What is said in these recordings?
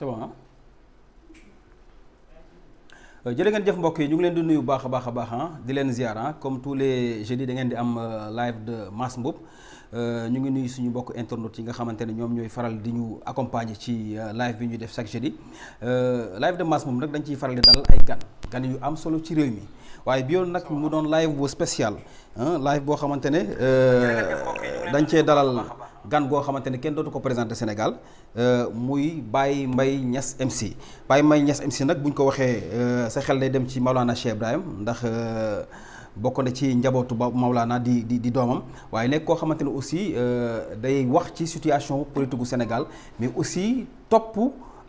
c'est bon euh, ngeen jëf mbokk yi ñu ngi leen di nuyu baax a baax a baax di leen ziar comme tous les jeudis da ngeen di am euh, live de Mass Mboup euh, ñu ngi nuyu suñu mbokk internet yi nga xamante ne ñoom ñooy faral di ñu accompagner ci live bi ñuy def chaque jeudi live de Mass Mboup nag dañ ciy faral di dalal ay gan gan yu am solo ci réew mi waaye bi yoon nag mu doon live bu spécial live boo xamante ne dañ cee dalal. gan goo xamante ne kenn dootu ko présenté Sénégal euh, muy Baye Mbaye Niass MC Baye Mbaye Niass MC nag bu ñu ko waxee euh, sa xel day dem ci Maulana Cheikh Ibrahim ndax euh, bokk na ci njabootu ba Maulana di di di doomam waaye nekk koo xamante ne aussi day wax ci situation politique gu Sénégal mais aussi topp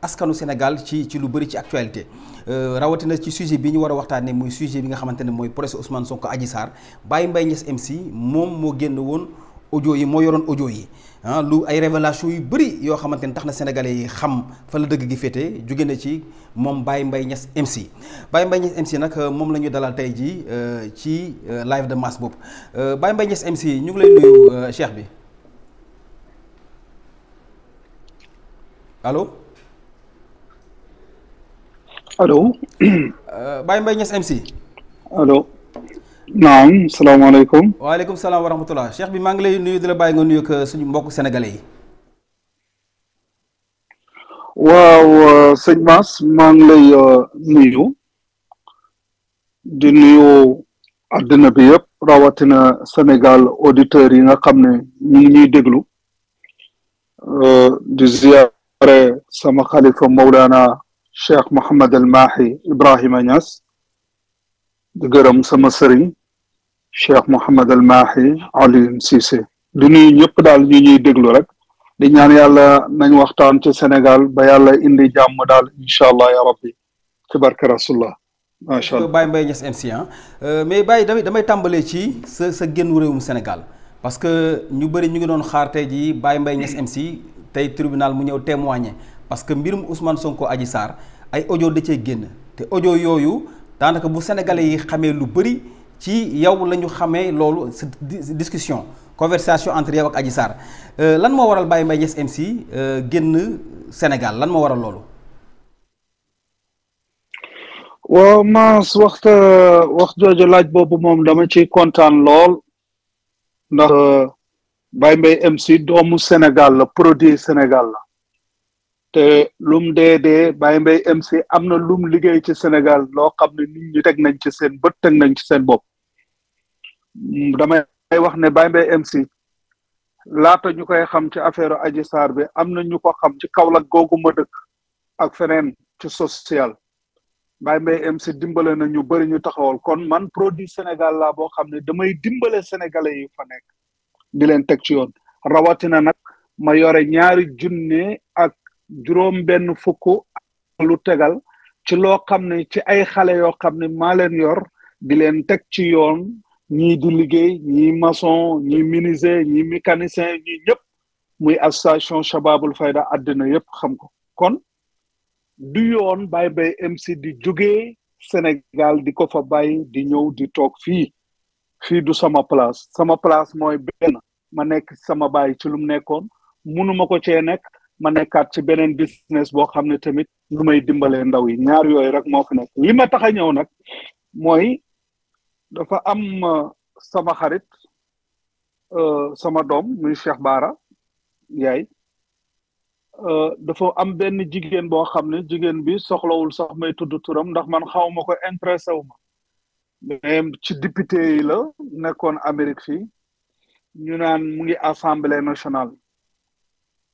askanu Sénégal ci ci lu bari ci actualité rawatina ci sujet bi ñu war a waxtaanee muy sujet bi nga xamante ne mooy procès Ousmane Sonko Adji Sarr Baye Mbaye Niass MC moom moo génn woon. audio yi moo yoroon audio yi ah lu ay révélation yu bëri yoo xamante ni tax na sénégalais yi xam fa la dëgg gi féete jóge na ci moom Baye Mbaye Niass MC Baye Mbaye Niass MC nag euh, moom la ñu dalal tey jii euh, ci euh, live de masse boobu Baye Mbaye Niass MC ñu ngi lay nuyu cheikh bi allo allo Baye Mbaye Niass MC allo naam salaamaaleykum. waaleykum salaam wa rahmatulah bi maa ngi lay nuyu di la bàyyi nga nuyu ak uh, suñu mbokk sénégalais yi. waaw uh, sëñ Mass maa ngi lay uh, nuyu di nuyu àddina bi yëpp rawatina Sénégal auditeurs yi nga xam ne mu ngi ñuy déglu di ziare sama xalifa Mawlana Cheikh Mouhamed El Mahi Ibrahima Niass di gërëm sama sëriñ Cheikh Mouhamed El Mahi Alioune Cissé di nuyu daal ñu ñuy déglu rek di ñaan yàlla nañu waxtaan ci Sénégal ba yàlla indi jàmm daal incha allah ya rabbi ci barke rasulullah macha allah Baye Mbaye ah. euh, mais Baye damay damay tàmbalee ci sa sa génn réewum Sénégal parce que ñu bëri ñu ngi doon xaar tey ji Baye Mbaye Niass MC tey tribunal mu ñëw témoigner parce que mbirum Ousmane Sonko Adji Sarr ay ojo da cee génn te ojo yooyu daanaka bu sénégalais yi xamee lu bëri. ci yow lañu ñu xamee loolu sa discussion conversation entre yow ak Adji Sarr euh, lan moo waral Baye Mbaye Niass MC euh, génn Sénégal lan moo waral loolu. waaw Mass waxta euh, wax jooju laaj boobu moom dama ci kontaan lool ndax Baye Mbaye MC doomu Sénégal la produit Sénégal la te lum dee dee Baye Mbaye MC am na lum liggéey ci Sénégal loo xam ne nit ñi teg nañ ci seen bët teg nañ ci seen bopp damay wax ne Baye Mbaye MC laata ñu koy xam ci affaire Adji Sarr bi am na ñu ko xam ci Kaolack googu ma dëkk ak feneen ci social Baye Mbaye MC dimbale na ñu bëri ñu taxawal kon man produit Sénégal laa boo xam ne damay dimbale sénégalais yi fa nekk di leen teg ci yoon rawatina nag ma yore ñaari junne ak juróom benn fukk lu tegal ci loo xam ne ci ay xale yoo xam ne maa leen yor di leen teg ci yoon ñii di liggéey ñii maçon ñii miniser ñii mécanicien ñii ñëpp muy association Shababul Fayda àddina yëpp xam ko kon du yoon bay Mbaye MC di jógee Sénégal di ko fa bàyyi di ñëw di toog fii fii du sama place sama place mooy benn ma nekk sama baay ci lu mu nekkoon munuma ko cee nekk ma nekkaat ci beneen business boo xam ne tamit lu may dimbalee ndaw yi ñaar yooyu rek moo fi nekk li ma tax a dafa am uh, sama xarit uh, sama doom muy Cheikh Baara yaay uh, dafa am benn jigéen boo xam ne jigéen bi soxlawul sax may tudd turam ndax man xaw ma ko intéressé wu ci député yi la nekkoon Amérique fii ñu naan mu ngi assemblée nationale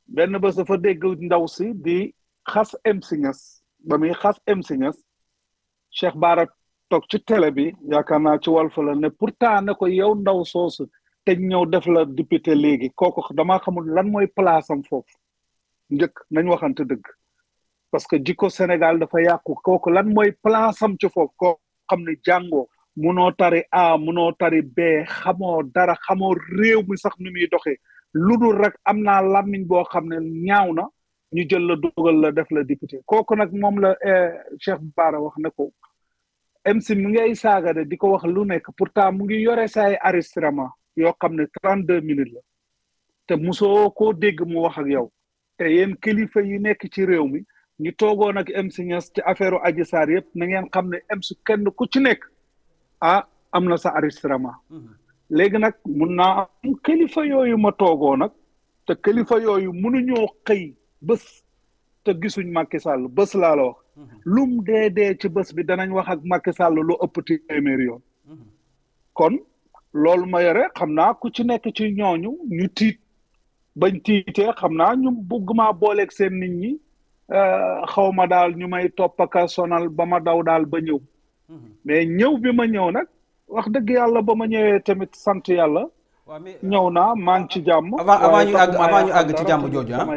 benn bés dafa dégg ndaw si di xas MC Niass ba muy xas MC Niass Cheikh Baara toog ci tele bi yaakaar naa ci Walf la ne pourtant ne ko yow ndaw soosu te ñëw def la député léegi kooku dama xamul lan mooy place am foofu njëkk nañ waxante dëgg parce que jikko Sénégal dafa yàqu kooku lan mooy place am ci foofu koo xam ne jàngoo munoo tari A munoo tari B xamoo dara xamoo réew mi sax ni muy doxee lu dul rek am na làmmiñ boo xam ne ñaaw na ñu jël la dugal la def la député kooku nag moom la eh, Cheikh Bara wax ne ko MC mi ngay saaga de di ko wax lu nekk pour pourtant mu ngi yore say enregistrement yoo xam ne trente deux minutes la te musoo koo dégg mu wax ak yow te yéen kilifa yi nekk ci réew mi ñu toogoon ak MC Niass ci affaire Adji Sarr yëpp na ngeen xam ne MC kenn ku ci nekk ah am na sa enregistrement mhm. léegi nag mun naa am kilifa yooyu ma toogoo nag te kilifa yooyu mënuñoo xëy bés te gisuñ Macky Sall bés laa lum dee dee ci bés bi danañ wax ak Macky Sall lu ëpp téeméer yoon. kon loolu ma yore xam naa ku ci nekk ci ñooñu ñu tiit bañ tiitee xam naa ñu bugg maa booleeg seen nit ñi euh, xaw ma daal ñu may toppaka sonal ba ma daw daal ba ñëw. mais ñëw bi ñëw nag wax dëgg yàlla ba ma ñëwee tamit sant yàlla. ñëw naa euh, maa ngi ci jàmm. avant avant ñu àgg avant ñu àgg ci jàmm jooju ah.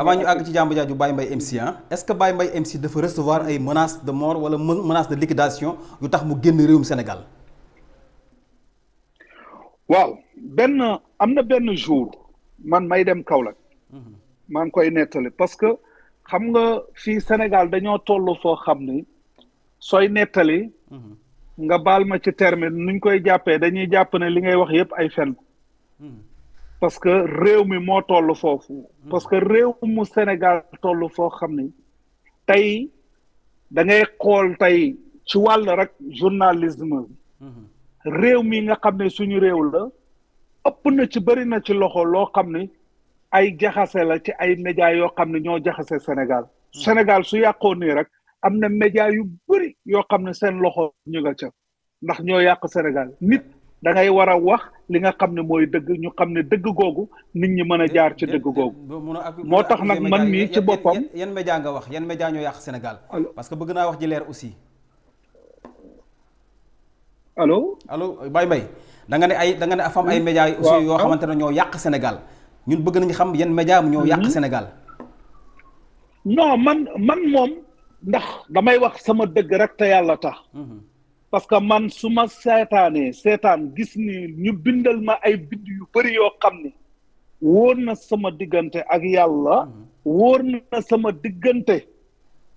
avant ñu àgg ci jàmm jooju Baye Mbaye MC ah. est-ce que Baye Mbaye MC dafa recevoir ay menaces de mort wala menace de liquidation yu tax mu génn réewum Sénégal. waaw benn am na benn jour man may dem Kaolack. Mhm. maa ngi koy nettali parce que xam nga fii Sénégal dañoo toll foo xam ni sooy nettali. Mhm. nga baal ma ci terme nuñ koy jàppee dañuy jàpp ne li ngay wax yépp ay fen. parce que réew mi moo toll foofu. parce que réew mu Sénégal toll foo xam ni tey da xool tey ci wàll rek journalisme réew mi nga xam ne suñu réew la ëpp na ci bëri na ci loxo loo xam ni ay jaxase la ci ay média yoo xam ne ñoo jaxase Sénégal. Sénégal su yàqoo nii rek am na média yu bëri yoo xam ne seen loxo ñu nga ca ndax ñoo yàq Sénégal nit. da ngay war a wax li nga xam ne mooy dëgg ñu xam ne dëgg googu nit ñi mën a eh, jaar ci eh, dëgg eh, googu. moo tax nag man mii ci boppam yan média nga wax yan média ñoo yàq Sénégal. parce que bëgg naa wax leer aussi. allo allo Baye Mbaye da ne ay da ne afam ay média yi yoo xamante ne ñoo yàq Sénégal ñun bëgg nañu xam yan média am ñoo yàq mhm. Sénégal. non man man moom ndax damay wax sama dëgg rek te yàlla tax. Mhm. parce que man su ma seetaanee seetaan gis ni ñu bindal ma ay bind yu bëri yoo xam ne wóor na sama diggante ak yàlla mm-hmm. wóor na sama diggante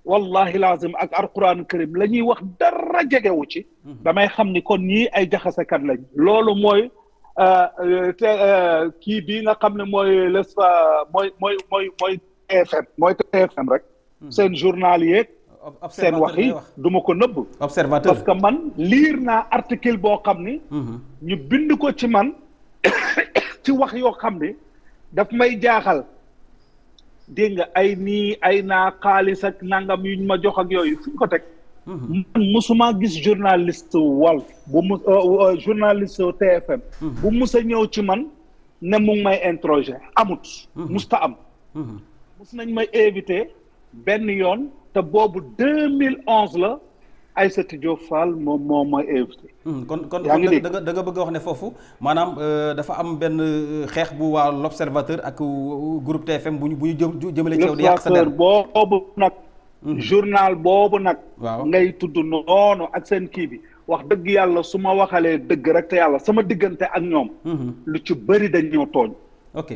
wallahi lazim ak alquran karim la ñuy wax dara jegewu ci mm-hmm. damay xam ni kon ñii ay jaxasekat lañ loolu mooy euh, te euh, bii nga xam ne mooy les mooy rek mm-hmm. seen journal yeeg seen wax duma ko nëbb observateur parce que man liir naa article boo xam ni mhm. ñu bind ko ci man ci wax yoo xam ni daf may jaaxal dégg nga ay nii ay naa xaalis ak nangam yuñ ma jox ak yooyu fu ñu ko teg mhm. musuma gis journaliste wal bu mu euh, euh, journaliste TFM mhm. bu mus ñëw ci man ne mu ngi may interroger amut musta am mus nañ may invité benn yoon te boobu 2011 la ay Diop Fall moom moom mooy invité. Hmm, kon kon da nga da nga bëgg a wax ne foofu maanaam euh, dafa am benn euh, xeex bu waa l'observateur ak euh, groupe TFM bu ñu bu ñu jëmale ci yow di yàq sa der boobu nag. Hmm. journal boobu nag. waaw ngay tudd noonu ak seen kii bi. wax dëgg yàlla su ma waxalee dëgg rek te yàlla sama diggante ak ñoom. Hmm. lu ci bëri dañ ñoo tooñ. ok.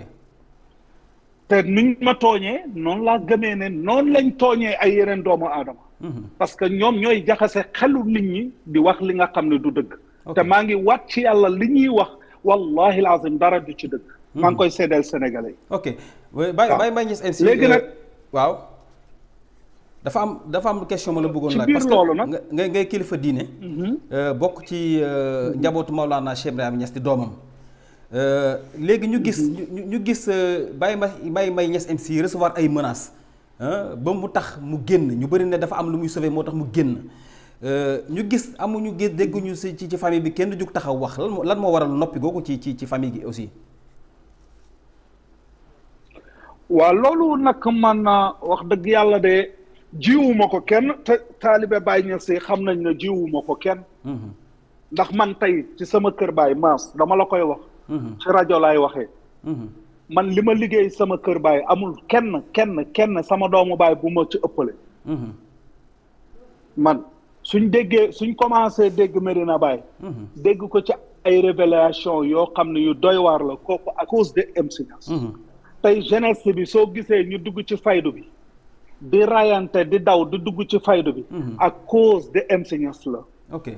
te nuñ ma tooñee noonu laa gëmee ne noonu lañ tooñee ay yeneen doomu aadama. Mhm. parce que ñoom ñooy jaxase xelu nit ñi di wax li nga xam ne du dëgg. te maa ngi waat ci yàlla li ñuy wax wallahi lazim dara du ci dëgg. Mhm. maa ngi koy seedeel sénégalais ok Baye Baye Mbaye Niass MC léegi euh, nag waaw. dafa am dafa am question ma la bëggoon laaj parce que ngay ngay kilifa diine. Mhm. Euh, bokk ci euh, njabootu Maulana Cheikh Ibrahima di doomam. Euh, léegi ñu gis ñu ñu gis euh, Baye May May Niass si recevoir ay menaces ba mu tax mu génn ñu bëri ne dafa am lu muy sauvé moo tax mu génn euh, ñu gis amuñu gis dégguñu si ci famille bi kenn jug taxaw wax lan moo lan moo waral noppi googu ci ci famille gi aussi. waaw loolu nag man wax dëgg yàlla de jiwuma ko kenn te taalibe Baye Niass xam nañ ne jiwuma ko kenn. Mhm. ndax man tey ci sama kër Baye Mass dama la koy wax. Mm-hmm. ci rajo laay waxee mm-hmm. man li ma liggéey sama kër baay amul kenn kenn kenn sama doomu baay bu ma ci ëppale mm-hmm. man suñ déggee suñ commencé dégg Medina Baye dégg ko ci ay révélation yoo xam ne yu doy waar la kooku à cause de MC tey jeunesse bi soo gisee ñu dugg ci faydu bi di rayante di daw di dugg ci faydu bi à cause de MC Niass la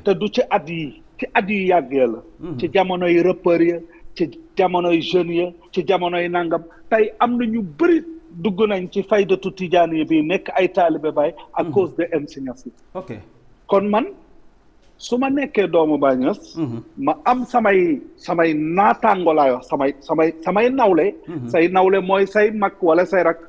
te du ci at yi ci at yi yàggee la ci jamono yi rappeur ya ci jamonoy jeunes ya ci jamonoy nangam tey am na ñu bëri dugg nañ ci faydatu tijaan yi bi nekk ay taalibe Baay à mhm. cause de M kon man su ma nekkee doomu Baay mhm. ma am samay samay naataango laay wax samay samay samay nawle mhm. say nawle mooy say mag wala say rak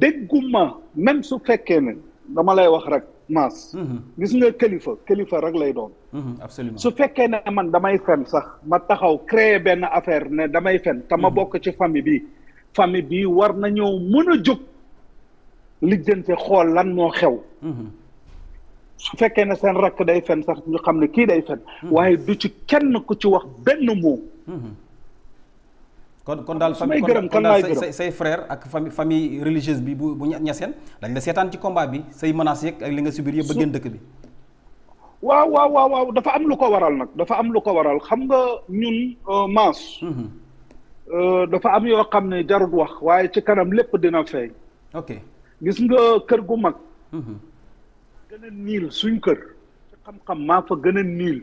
dégguma même su fekkee ne dama lay wax rek maas. Mhm. gis nga kilifa kilifa rek lay doon. Mhm, absolument su fekkee ne man damay fen sax ma taxaw créer benn affaire ne damay fen te ma mhm. bokk ci famille bi famille bi war na nañoo mën a jóg lijjante xool lan moo xew. su fekkee ne seen rakk day fen sax ñu xam ne kii day fen. waaye du ci kenn ku ci wax benn mot. kon kon daal famille kon daal say frère ak famille famille religieuse bi bu bu ñaseen dañ la seetaan ci combat bi say menaces yeeg ak li nga subir yëpp ba génn dëkk bi waaw waaw waaw dafa am lu ko waral nag dafa am lu ko waral xam nga ñun euh, maas mhm. euh, dafa am yoo xam ne jarut wax waaye ci kanam lépp dina feeñ ok gis nga kër gu mag mhm. gën a niil suñ kër ci xam-xam maa fa gën a niil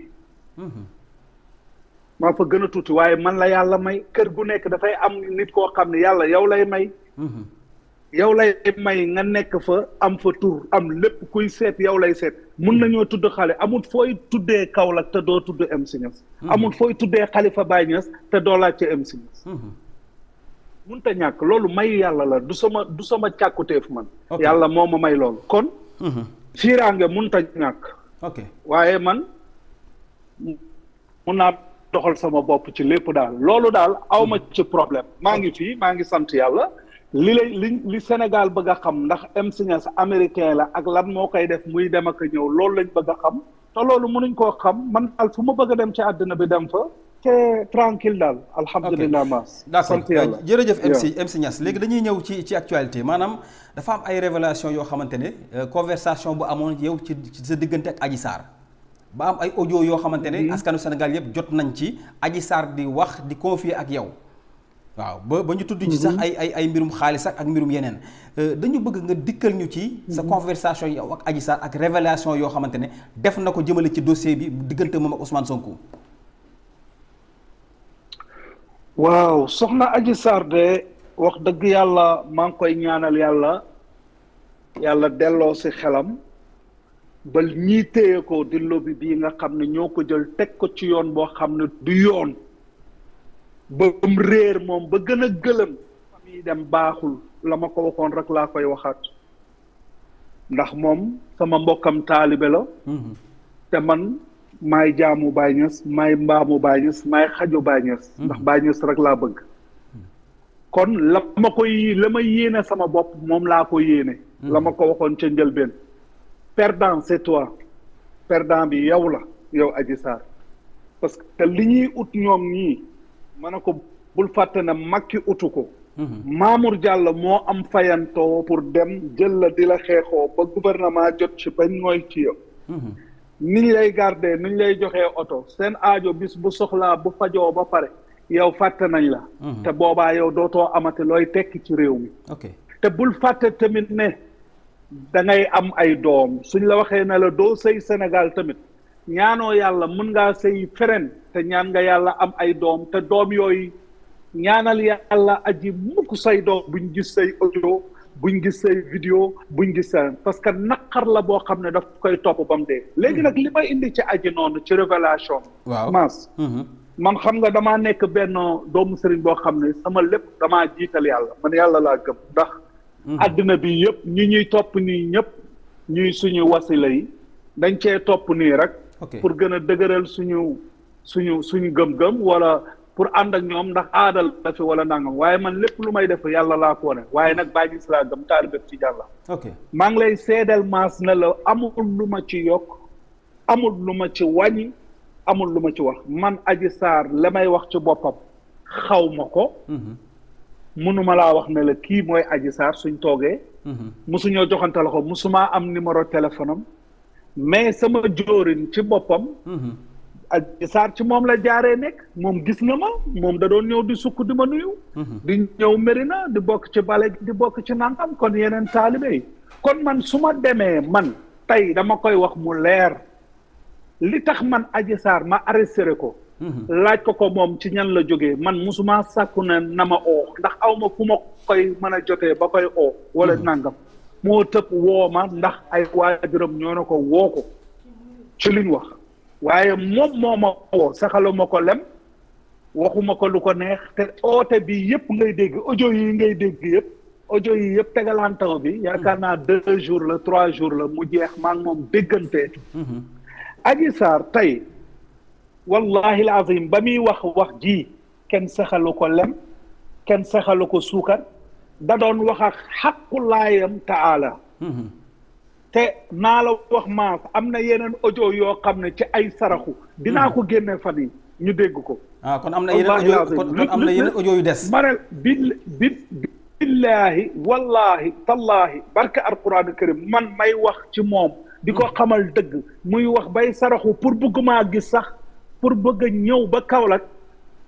mhm. maa fa gën a tuuti waaye man la yàlla may kër gu nekk dafay am nit koo xam ne yàlla yow lay may mhm. lay may nga nekk fa am fa tur am lépp kuy seet yow lay seet mun nañoo mhm. tudd xale amul fooy tuddee Kaolack te doo tudd MC Niass mhm. amul fooy tuddee xalifa Baye Niass te doo laaj ca MC Niass munta ñàkk loolu may yàlla la du sama du sama càkkuteef man yàlla moo ma may loolu kon fiiraange munta ñàkk ok waaye man mun naa doxal sama bopp ci lépp daal loolu daal awma hmm. ci problème maa ngi fii maa ngi sant yàlla li lay li li Sénégal bëgg a xam ndax M-Signes américain la ak lan moo koy def muy dem ak ñëw loolu lañ bëgg a xam te loolu mun mënuñ koo xam man daal fu ma bëgg a dem ci àddina bi dem fa te tranquille daal alhamdulilah maas sant yàlla eh, jërëjëf MC si Niass léegi dañuy ñëw ci ci actualité maanaam dafa am ay révélation yoo xamante ne euh, conversation bu amoon yow ci sa diggante ak ba am ay ojo yoo xamante ne mhm. askanu Sénégal yëpp jot nañ ci Adji Sarr di wax di confier ak yow waaw ba ba ñu tudd ci sax mhm. ay ay ay mbirum xaalis ak mbirum yeneen euh, dañu bëgg nga dikkal ñu ci sa mhm. conversation yow ak Adji Sarr ak révélation yoo xamante ne def na ko jëmale ci dossier bi diggante moom ak Ousmane Sonko waaw soxna Adji Sarr de wax dëgg yàlla maa ngi koy ñaanal yàlla yàlla delloo si xelam ba ñii téye ko di lobby bii nga xam ne ñoo ko jël teg ko ci yoon boo xam ne du yoon ba réer moom ba gën a gëlëm famille dem baaxul la ma ko waxoon rek laa koy waxat ndax moom sama mbokkam taalibe la mhm. te man may jaamu Baay Ñas maay mbaamu Baay Ñas maay xaju Baay Ñas mhm. ndax Baay Ñas rek laa bëgg kon la ma koy la ma yéene sama bopp moom laa ko yéene mhm. la ma ko waxoon ca njëlbeen perdant c'est toi perdant bi yow la yow Adji Sarr parce que te li ñuy ut ñoom ñii ma ne ko bul fàtte na Macky utu ko mhm. Mamour jàll moo am fayantoo pour dem jël la di la xeexoo ba gouvernement jot ci bañ mooy ci yow mhm. niñ lay garde niñ lay joxe oto seen aajo bis bu soxlaa bu fajoo ba pare yow fàtte nañ la mhm. te boobaa yow dooto amati looy tekk ci réew mi te bul fàtte tamit ne da am ay doom suñ la waxee ne la doo sëy Sénégal tamit ñaanoo yàlla mën ngaa sëy feneen te ñaan nga yàlla am ay doom te doom yooyu ñaanal yàlla aji mukk say doom ñu gis say audio buñ gis say vidéo buñ gis say parce que naqar la boo xam ne daf koy topp ba mu dee. léegi nag li ma indi ci aji noonu ci révélation waaw mhm. man xam nga dama nekk benn doomu sëriñ boo xam ne sama lépp damaa jiital yàlla man yàlla laa gëm ndax. àddina mm-hmm. bi yëpp ñu ñuy topp nii ñëpp ñuy suñu wasila yi dañ cee topp nii rek. pour gën a dëgëral suñu suñu suñu gëm-gëm wala pour ànd ak ñoom ndax aadal la fi wala nangam waaye man lépp lu may def yàlla laa ko waaye nag bàyyi gis laa gëm taalibe ci jàlla maa ngi lay seedal maas ne la amul lu ma ci yokk amul lu ma ci wàññi amul lu ma ci wax man aji saar la may wax ci boppam xaw ma ko. Mm-hmm. mënuma laa wax ne la kii mooy Adji Sarr suñ toogee. Mhm. mosuñoo joxante loxo mosumaa am numéro téléphone am mais sama jóorin ci boppam. Mhm. Adji Sarr ci moom la jaaree nekk moom gis na ma moom da doon ñëw di sukk di ma nuyu. Mhm. di ñëw Mérina di bokk ci bale di bokk ci nangam kon yeneen taalibe kon man su ma demee man tey dama koy wax mu leer li tax man Adji Sarr ma arrêté ko. Mm-hmm. laaj ko ko moom ci ñan la jóge man musuma sàkku na na ma oo ndax aw ma ku ma koy mën a jotee ba koy oo wala mm-hmm. nangam moo tëb woo ma ndax ay waajuram ñoo na ko woo ko ci liñ wax waaye moom moo ma woo saxaluma ko lem waxuma ko lu ko neex te oote bi yëpp ngay dégg audio yi ngay dégg yëpp ojo yi yëpp tegalantaw bi mm-hmm. yaakaar naa deux jours la trois jours la mu jeex maa ngi moom déggante Adji Sarr tey wallahi alazim ba muy wax wax ji kenn sexalu ko lem kenn sexalu ko suukar da doon wax ak xaqulaayam taala mhm. te naa la wax maas am na yeneen audio yoo xam ne ci ay saraxu dinaa mhm. ko génne fan yi ñu dégg ko ah, kon am na yeneen kon am na yeneen audio yu des marel bil bil billaahi wallaahi tallaahi barke alquraan karim man may wax ci moom di ko mhm. xamal dëgg muy wax bay saraxu pour bëgguma gis sax pour bëgg a ñëw ba Kaolack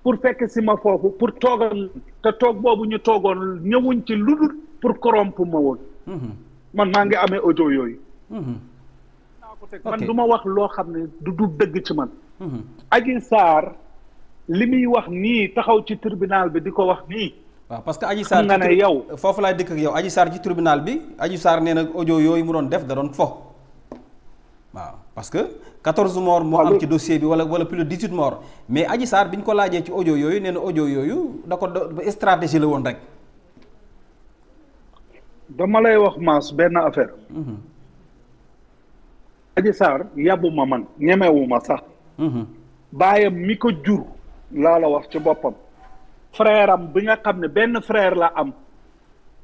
pour fekk si ma foofu pour toogal te toog boobu ñu toogoon ñëwuñ ci lu dul pour corrompre ma woon. Mhm. man maa ngi amee audio yooyu. Mhm. man du ma wax loo xam ne du du dëgg ci man. Mhm. Adji Sarr li muy wax nii taxaw ci tribunal bi di ko wax nii. waaw parce que Adji Sarr yow foofu laay dëkk yow Adji Sarr ci tribunal bi Adji Sarr nee na audio yooyu mu doon def da doon fo waaw parce 14 morts moo am ci dossier bi wala wala plus de 18 mais Adji saar bi ñu ko laajee ci audio yooyu nee na yooyu da ko stratégie la woon rek. dama lay wax maas benn affaire. Mhm. Adji Sarr yàbbuma man ñemewuma sax. Mhm. baayam mi ko jur laa la wax ci boppam. frère bi nga xam ne benn frère la am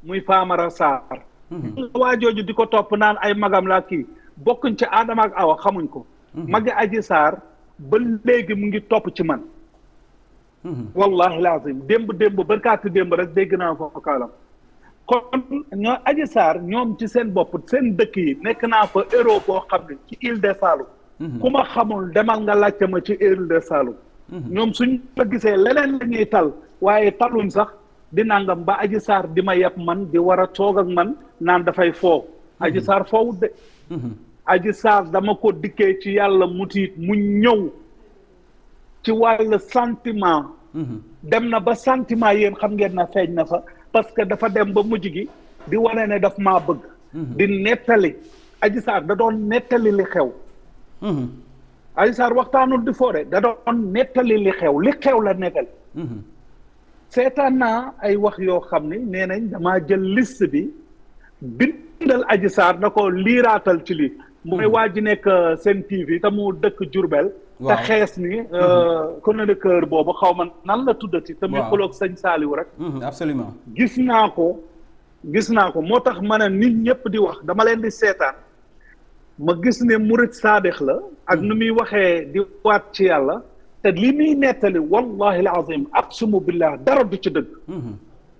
muy Famara Sarr. Mhm. waa jooju di ko topp naan ay magam laa kii bokkuñ ci Adama Awa xamuñ ko. Mhm. Magg Adji Sarr ba léegi mu ngi topp ci man. Mhm. wallahi lazim démb démb barkaati démb rek dégg naa foofu kaalam. kon ñoo Adji ñoom ci seen bopp seen dëkk yi nekk naa fa héros boo xam ne ci île de Saloum. Mhm. ku ma xamul demal nga laajte ma ci île de Saloum. ñoom suñ ko gisee leneen la tal waaye taluñ sax di nangam ba ajisaar Sarr di ma yeb man di war a toog ak man naan dafay foo. Adji Sarr foowut de. aji saar dama ko dikkee ci yàlla mu tiit mu ñëw ci wàll sentiment mhm. dem na ba santiment yéen xam ngeen na feeñ na fa parce que dafa dem ba mujj gi di wane ne dafa ma bëgg mhm. di nettali aji saar da doon nettali li xew mhm. aji saar waxtaanul di foore da doon nettali li xew li xew la nettali seetaan naa ay wax yoo xam ni nee nañ damaa jël list bi bindal aji na ko liiraatal ci lii mooy waa ji nekk euh, seen TV te mu dëkk jurbel te xees ni. Euh, mhm. chroniqueur boobu xaw ma nan la tuddati. waaw te muy xoloog sëñ Saliou rek. Mhm, absolument gis naa ko. gis naa ko moo tax ma ne nit ñëpp di wax dama leen di seetaan ma gis ne murit saadex la ak mhm. nu muy waxee di waat ci yàlla te li muy nettali wallahi alazim aqsimu billah dara du ci dëkk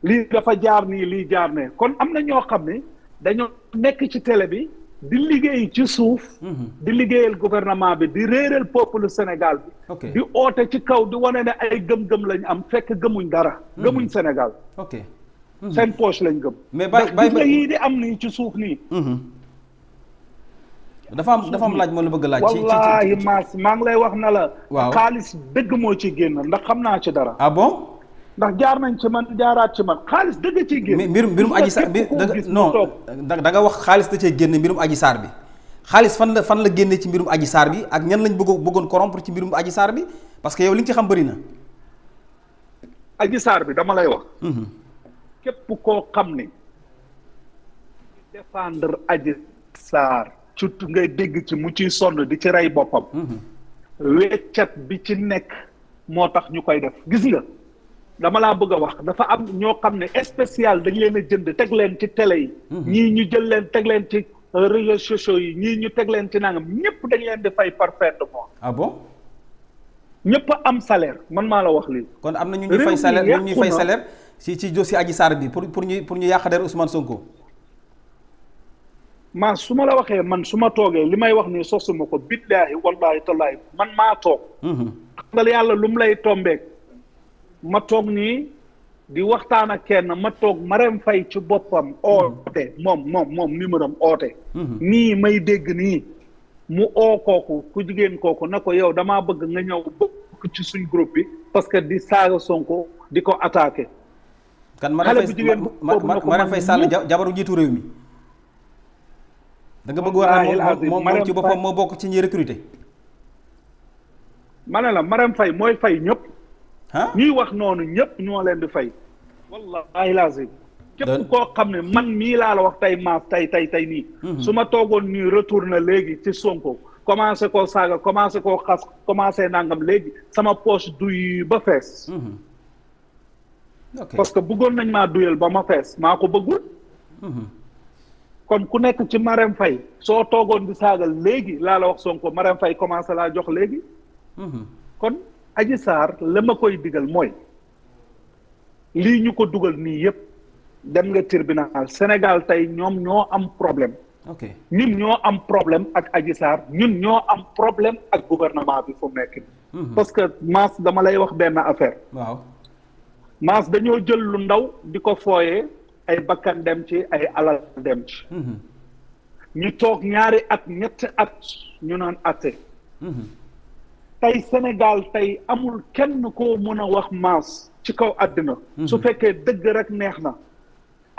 lii dafa jaar nii lii jaar ne kon am na ñoo xam ne dañoo nekk ci télé bi di liggéey ci suuf. Mhm. di liggéeyal gouvernement bi di réeral peuple Sénégal bi. di oote ci kaw di wane ne ay gëm-gëm lañ am fekk gëmuñ dara. Mhm. gëmuñ Sénégal. ok mhm. seen poche lañ gëm. mais bay bay ndax yii di am nii ci suuf nii. dafa am dafa am laaj moo la bëgg laaj. ci ci wallaahi maa ngi lay wax na la. waaw xaalis dëgg moo ci génn ndax xam naa ci dara. ah bon. ndax jaar nañ man jaaraat ci man xaalis dëgg cee génn. mbirum mbirum aji saar bi non da nga wax xaalis da cee génn mbirum aji saar bi xaalis fan la fan la génne ci mbirum aji saar bi ak ñan lañ bëgg bëggoon corrompre ci mbirum aji saar bi parce que yow li nga ci xam bëri aji saar bi dama lay wax. Mhm. képp koo xam ne. défendre aji saar. surtout ngay dégg ci mu ciy sonn di ci rey boppam. Mhm. weccat bi ci nekk moo tax ñu koy def gis nga. dama laa bëgg a wax dafa am ñoo xam ne espécial dañ leen jënd teg leen ci télé yi. Mhm. ñii ñu jël leen teg leen ci euh, réseaux sociaux yi ñii ñu teg leen ci nangam ñëpp dañ leen di fay par fin de ah bon. ñëpp am salaire man maa la wax lii. kon am na ñu ñuy fay salaire ñu ñuy fay si ci ci dossier Adji Sarr bi pour pour ñu pour ñu yàq der Ousmane Sonko. maa su ma la waxee man su ma toogee li may wax nii sosuma ko billaahi wallaahi tallaahi man maa toog. Mhm. xam nga yàlla lu mu lay tombeek ma toog nii di waxtaan ak kenn ma toog Marème fay ci boppam oote moom moom moom numéro am oote mhm. nii may dégg nii mu oo kooku ku jigéen kooku na ko yow damaa bëgg nga ñëw bokk ci suñ groupe bi parce que di saaga Sonko di ko attaqué kan Marème Faye fay Faye Sall jabaru jiitu réew mi danga bëgg wax ne moom moom ci boppam moo bokk ci ñi recruté ma ne la Marème fay mooy fay ñëpp ñuy wax noonu ñëpp ñoo leen di fay. wallaahi lazim. képp koo xam ne man mii laa la wax tey maaf tey tey tey nii. Mhm. su ma toogoon nii na léegi ci Sonko. commencé koo saaga commencé koo xas commencé nàngam léegi sama poche duy ba fees. Mhm. parce que bëggoon nañ maa duyal ba ma fees maa ko bëggul. Mhm. kon ku nekk ci Marème Faye soo toogoon di saaga léegi laa la wax Sonko Marème Faye commencé laa jox léegi. kon. Adji la ma koy digal mooy lii ñu ko dugal nii yëpp dem nga tribunal Sénégal tey ñoom ñoo am problème. ok ñun ñoo am problème ak Adji ñun ñoo am problème ak gouvernement bi fu mu nekk. Mhm. parce que Mass dama lay wax benn affaire. waaw Mass dañoo jël lu ndaw di ko fooyee ay bakkan dem ci ay alal dem ci. Mhm. ñu toog ñaari at ñetti at ñu naan atte. Mhm. tey Sénégal tey amul kenn koo mën a wax maas ci kaw àddina mhm. su fekkee dëgg rek neex na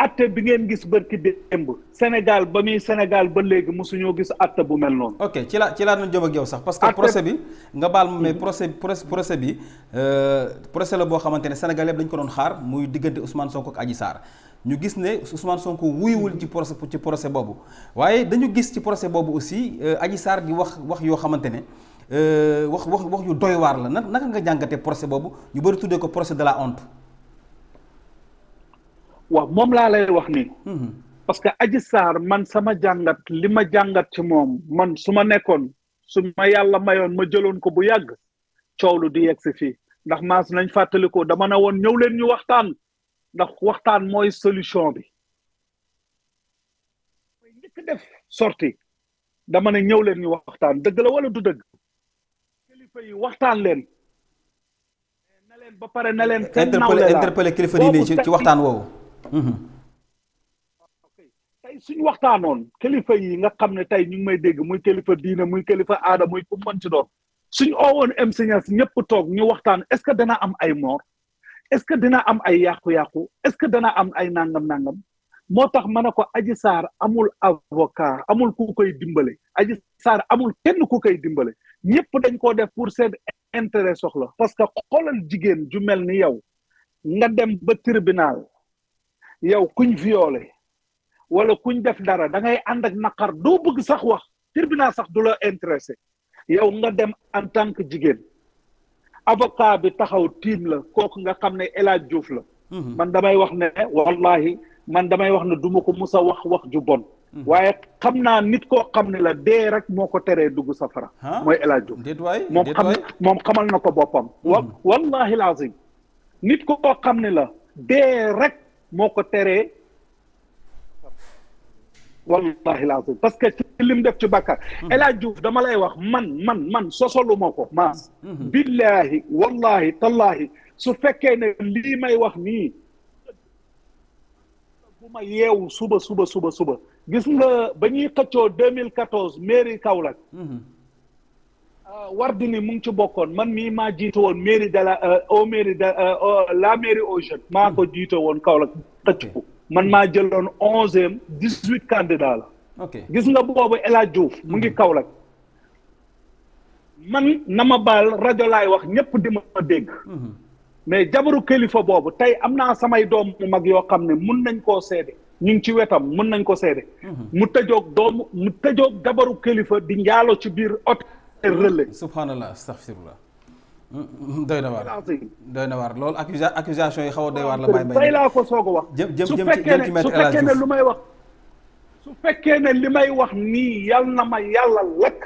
atte bi ngeen gis bërki démb Sénégal ba muy Sénégal ba léegi ñoo gis atte bu mel noonu ok ci laa ci laa doon jëm ak yow sax parce que procès bi nga baal ma mais mhm. procès procès bi euh, procès la boo xamante ne Sénégal yëpp dañ ko doon xaar muy diggante Ousmane Sonko ak Adji saar ñu gis ne Ousmane sonk wuyuwul ci procès ci procès boobu waaye dañu gis ci procès boobu aussi euh, aji Sarr di wax wax yoo xamante ne Euh, wax wax wax yu doy waar la naka naka nga jàngatee procès boobu ñu bëri tuddee ko procès de la honte. waaw moom laa lay wax nii. Mhm. parce que Adji Sarr man sama jàngat li ma jàngat ci moom man su ma nekkoon su ma yàlla mayoon ma jëloon ko bu yàgg coow lu di yegg si fii ndax maas nañ fàttalikoo dama ne woon ñëw leen ñu waxtaan ndax waxtaan mooy solution bi. mooy def sorti dama ne ñëw leen ñu waxtaan dëgg la wala du dëgg. kilifa waxtaan leen. na leen ba pare na leen. kenn naaw la interpellé kilifa diine ci ci waxtaan woowu. Mhm. tey suñu waxtaanoon kilifa yi nga xam ne tey ñu ngi may dégg muy kilifa diine muy kilifa aada muy ku mën ci doon suñu oowoon M Senias ñëpp toog ñu waxtaan est-ce que dana am ay moor est-ce que dina am ay yàqu-yàqu est-ce que dana am ay nangam nàngam moo tax ma ne ko Adji saar amul avocat amul ku koy dimbale Adji Sarr amul kenn ku koy dimbale ñëpp dañ ko def pour seen intérêt soxla parce que xoolal jigéen ju mel ni yow nga dem ba tribunal yow kuñ violé wala kuñ def dara da ngay ànd ak naqar doo bëgg sax wax tribunal sax du la intéressé yow nga dem en tant que jigéen avocat bi taxaw tiim la kooku nga xam ne El Diouf la mhm. man damay wax ne wallahi man damay wax ne du ma ko mus wax wax ju bon. Hmm. waaye xam naa nit koo xam ne la dee rek moo ko teree dugg safara. mooy El Hadj moom xam moom xamal na ko boppam. Hmm. wa wallaahi laazim nit ko xam ne la dee rek moo ko teree. wallahi laazim parce que ci lim def ci bàkkaar hmm. El Hadj dama lay wax man man man sosolu ko maas billahi wallahi su fekkee ne lii may wax nii ma yeewu suba suba suba suba gis nga ba ñuy mille 2014 mairie Kaolack. Mhm. Ah, Wardini mu ngi ci bokkoon man mii maa jiite woon mairie de la euh, au mairie de euh, la maa ko jiite woon Kaolack xëcc ko man maa jëloon onzième dix huit candidats la. gis nga boobu El Hadj Diouf mu ngi mhm. Kaolack. man na ma baal rajo wax ñëpp di ma dégg. Mhm. mais jabaru kilifa boobu tey am naa samay doom mu mag yoo xam ne mun nañ koo seede ñu ngi ci wetam mun nañ ko seede mhm. mu tëjoog doomu mu tëjoog jabaru kilifa di njaalo ci biir hôtel Relais subhanallah astaghfirullah mm, mm, doy na waar doy na waar loolu accusa accusation yi xaw a doy war la bay bay tey ko wax su fekkee ne su lu may wax su fekkee ne li may wax nii yal na ma yàlla lakk